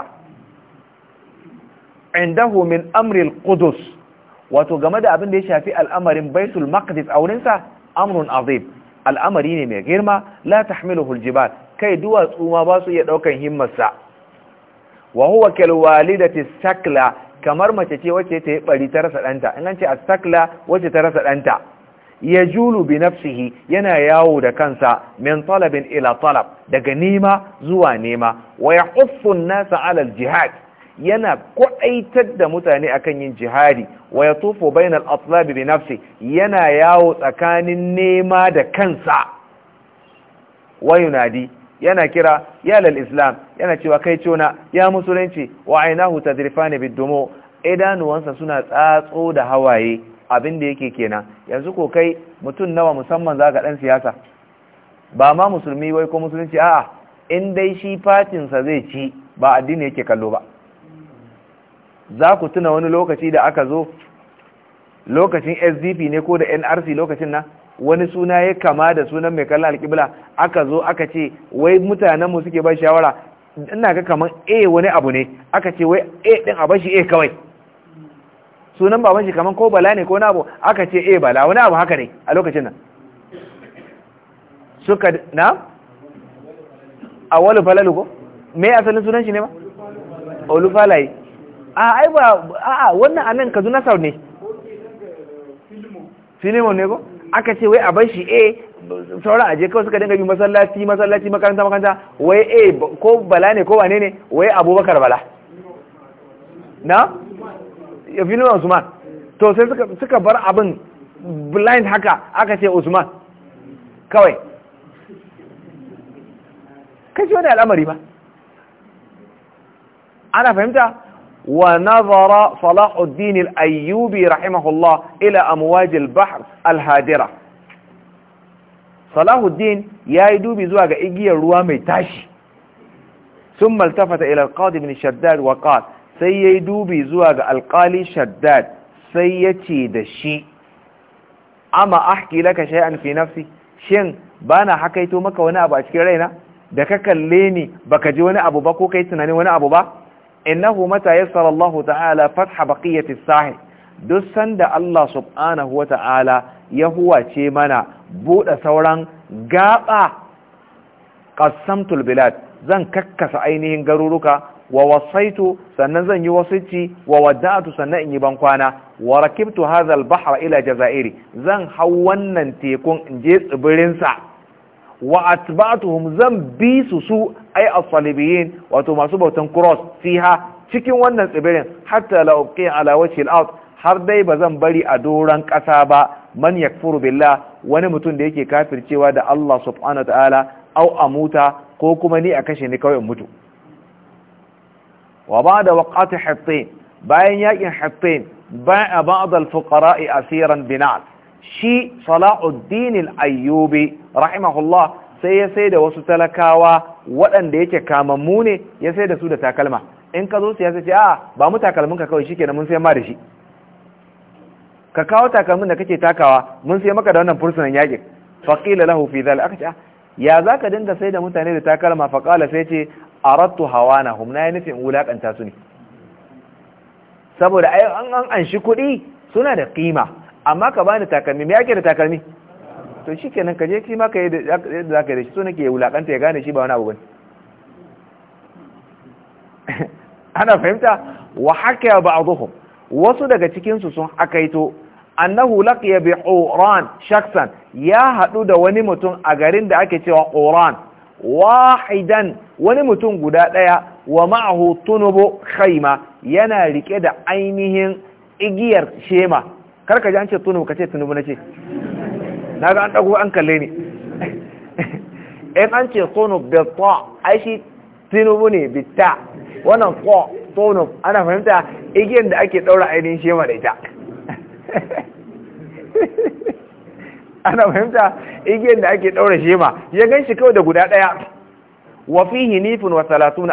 indahu min amril qudus wato game da abin da ya shafi al'amarin baitul maqdis a wurinsa amrun azim al'amari ne mai girma la tahmiluhu jibal kai duwatsu ma ba su iya daukan himmarsa wa huwa kal walidati sakla kamar mace ce wacce ta yi bari ta rasa danta in an ce as-sakla wacce ta rasa danta ya julu bi nafsihi yana yawo da kansa min talabin ila talab daga nema zuwa nema wa yahuffu an-nasa ala al-jihad yana kwaɗaitar da mutane akan yin jihadi wa ya tufo bainal atlabi nafsi yana yawo tsakanin nema da kansa wa yunadi yana kira yalal islam yana cewa kai cona ya musulunci wa ainahu tadrifani idanuwansa suna tsatso da hawaye abin da yake kenan yanzu ko kai mutum nawa musamman za ka ɗan siyasa ba ma musulmi wai ko musulunci a'a in dai shi fatinsa zai ci ba addini yake kallo ba za ku tuna wani lokaci da aka zo lokacin sdp ne ko da nrc lokacin nan wani suna ya kama da sunan mai kallon alƙibla aka zo aka ce wai mutanenmu suke ba shawara ina ga kamar a wani abu ne aka ce wai a ɗin a bashi a kawai sunan baban shi kamar ko bala ne ko na abu aka ce a bala wani abu haka ne a lokacin nan suka na a walu falalu ko me asalin sunan shi ne ba olufalaye a ai ba a wannan anan na sau ne filimon ne ko aka ce wai a bar shi eh, a saura aje kawai suka dinga bi masallaci masallaci makaranta makaranta wai eh, a ko bala ne ko wane ne wai abubakar bala na ya nuna usman to sai suka bar abin blind haka aka ce usman kawai shi wani al'amari ba ana fahimta ونظر صلاح الدين الأيوبي رحمه الله إلى أمواج البحر الهادرة صلاح الدين يايدوب زواج إجي الروامي تاشي ثم التفت إلى القاضي بن الشداد وقال سيدوب زواج القالي شداد سيتي دشي أما أحكي لك شيئا في نفسي شن بانا حكيتو مكة وانا أبو أشكي رينا da ka kalle ni baka ji wani abu ba ko kai tunanin wani abu ba innahu mata yassara Allah ta'ala fatha baqiyati sahih duk sanda Allah subhanahu wata'ala ya huwace mana buɗe sauran gaɓa ƙasamtul bilad zan kakkasa ainihin garuruka wa wasaitu sannan zan yi wasici wa wadatu sannan in yi bankwana wa rakibtu hadha al-bahra ila jazairi zan hau wannan tekun in je tsibirinsa wa atba'tuhum zan bi su su ai as-salibiyin wato masu bautan cross fiha cikin wannan tsibirin hatta la uqi ala wajhi al-ard har dai bazan bari a doran kasa ba man yakfuru billah wani mutum da yake kafircewa da Allah subhanahu ta'ala au amuta ko kuma ni a kashe ni kawai mutu wa ba'da waqati hattin bayan yakin hattin ba'a ba'd al-fuqara'i asiran bina. shi salahuddin ayyubi rahimahullah sai ya sai da wasu talakawa waɗanda yake kamammu ne ya sai da su da takalma in ka zo siyasa ce a ah, ba mu takalmin ka kawai ke mun sai ma da shi ka kawo takalmin da kake takawa mun sai maka da wannan fursunan yaƙi faƙila lahu fi dhal aka ce ah, ya zaka dinga sai da mutane da takalma faƙala sai ce a rattu hawa na ya nufin wulaƙanta su ne saboda ai an an anshi kuɗi suna da ƙima amma ka bani takalmi me yake da takalmi to shikenan ka je shi ma ka yi yadda zaka yi da shi so nake wulakanta ya gane shi ba wani abu bane ana fahimta wa haka ba'dhum wasu daga cikin su sun akaito annahu laqiya bi quran shakhsan ya hadu da wani mutum a garin da ake cewa quran wahidan wani mutum guda daya wa ma'ahu tunubu khayma yana rike da ainihin igiyar shema kar ka ji an ce tunubu ka ce tunubu na ce na ga an ɗago an kalle ne. in an ce tunub da ta a shi tunubu ne bitta wannan ko tunub ana fahimta igiyar da ake ɗaura ainihin shema da ita ana fahimta igiyar da ake ɗaura ma ya gan shi kawai da guda ɗaya wa fihi nifin wa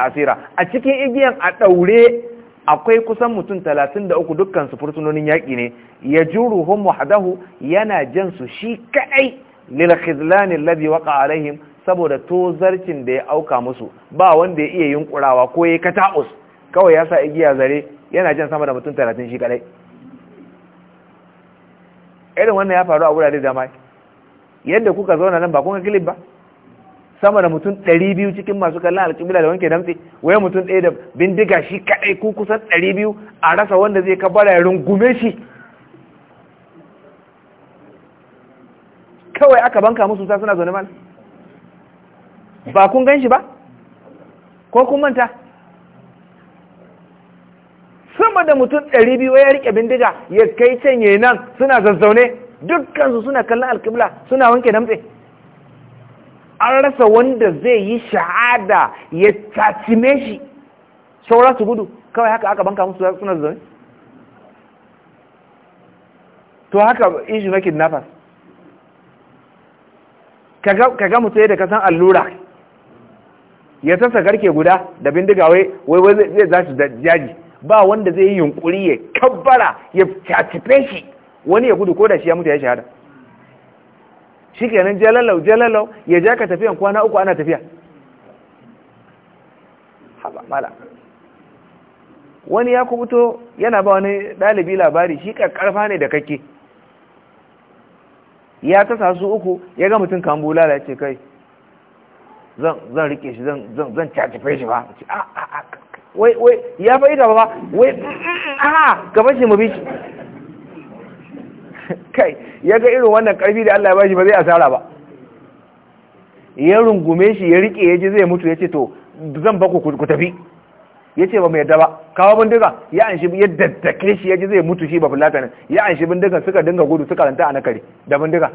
asira a cikin igiyar a ɗaure akwai kusan mutum talatin da uku dukkan su fursunonin yaƙi ne ya juru hun muhadahu yana jan su shi kaɗai lil khizlan alladhi waqa alaihim saboda tozarcin da ya auka musu ba wanda ya iya yunkurawa ko ya yayi kata'us kawai ya sa igiya zare yana jan sama da mutum talatin shi kaɗai irin wannan ya faru a wurare da mai yadda kuka zauna nan ba kun ga kilib ba sama da mutum ɗari biyu cikin masu kallon alƙibla da wanke damtse waya mutum ɗaya da bindiga shi kaɗai ko kusan ɗari biyu a rasa wanda zai bara ya rungume shi kawai aka banka musu ta suna zaune mana? ba kun gan shi ba ko kun manta sama da mutum ɗari biyu ya rike bindiga ya kai can nan suna zazzaune dukkansu suna kallon alƙibla suna wanke damtse an rasa wanda zai yi shahada ya tatime shi saura su gudu kawai haka aka banka musu suna zaune to haka ishu na kidnappers ga mutu yadda ka san allura ya sassa garke guda da bindiga wai wai zai zashi da jaji ba wanda zai yi yunkuri ya kabbara ya tatife shi wani ya gudu ko da shi ya mutu ya shahada shi shikenan jalalau jalalau ya ja ka tafiyan kwana uku ana tafiya haba mala wani ya kubuto yana ba wani ɗalibi labari shi ƙarƙarfa ne da kake ya tasa su uku ya ga mutum kan bulala ya ce kai zan rike shi zan cacife shi ba wai ya fa'ida ba wai mm, mm, mm, a gaba shi mu bi shi kai ya ga irin wannan karfi da Allah ya bashi ba zai asara ba ya rungume shi ya rike ya ji zai mutu ya ce to zan ba ku ku tafi ya ce ba mai yadda ba kawo bindiga ya an shi ya daddake shi ya ji zai mutu shi ba fulata nan ya an shi bindigan suka dinga gudu suka ranta a nakare da bindiga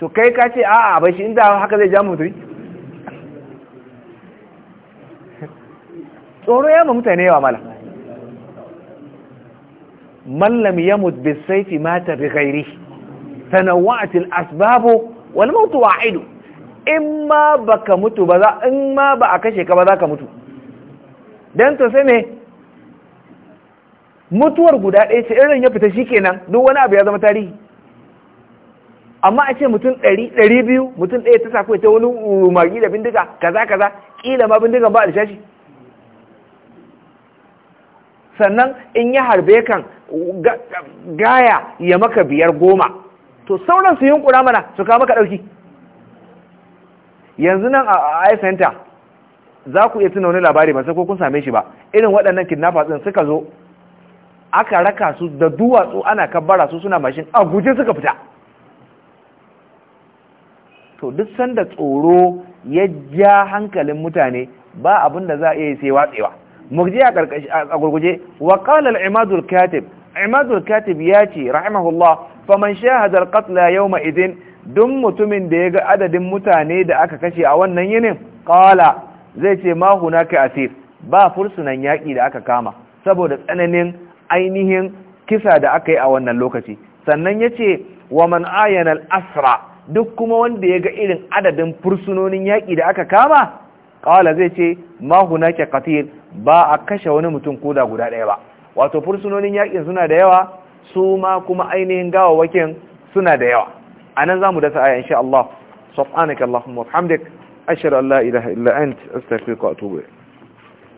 to kai ka ce a'a ba shi inda haka zai ja mutu tsoro ya ma mutane yawa mala mallam yamut bisaifi mata bi ghairi tanawwa'at al-asbab wal maut wa'id in ma baka mutu ba za in ma ba a kashe ka ba za ka mutu dan to sai mutuwar guda ɗaya ce irin ya fita shikenan duk wani abu ya zama tarihi amma a ce mutum ɗari ɗari biyu mutum ɗaya ta sa ta wani magi da bindiga kaza kaza ƙila ma bindigan ba a da shashi sannan in yi harbe kan gaya ya maka biyar goma to sauran su yunkura mana su kama ka ɗauki yanzu nan a eye center za ku iya tuna wani labari ba sai ko kun same shi ba irin waɗannan kidnappers ɗin suka zo aka raka su da duwatsu ana kabbara su suna mashin a guje suka fita to duk sanda tsoro ya ja hankalin mutane ba abin da za a iya sai watsewa murji a karkashi a gurguje wa qala al-imad al-katib imad katib imad al katib yace rahimahullah faman shahadar katla yauma idan idin dun mutumin da ya ga adadin mutane da aka kashe a wannan yinin qala zai ce ma hunaka asir ba fursunan yaƙi da aka kama saboda tsananin ainihin kisa da aka yi a wannan lokaci sannan yace wa man ayana al-asra duk kuma wanda ya ga irin adadin fursunonin yaƙi da aka kama ƙawala zai ce ma hunaka qatil ba a kashe wani mutum koda guda ɗaya ba wato fursunonin yakin suna da yawa su ma kuma ainihin gawawakin suna da yawa a nan za mu dasa aya insha Allah subhanaka Allahumma wa ashhadu an la ilaha illa astaghfiruka wa atubu ilayk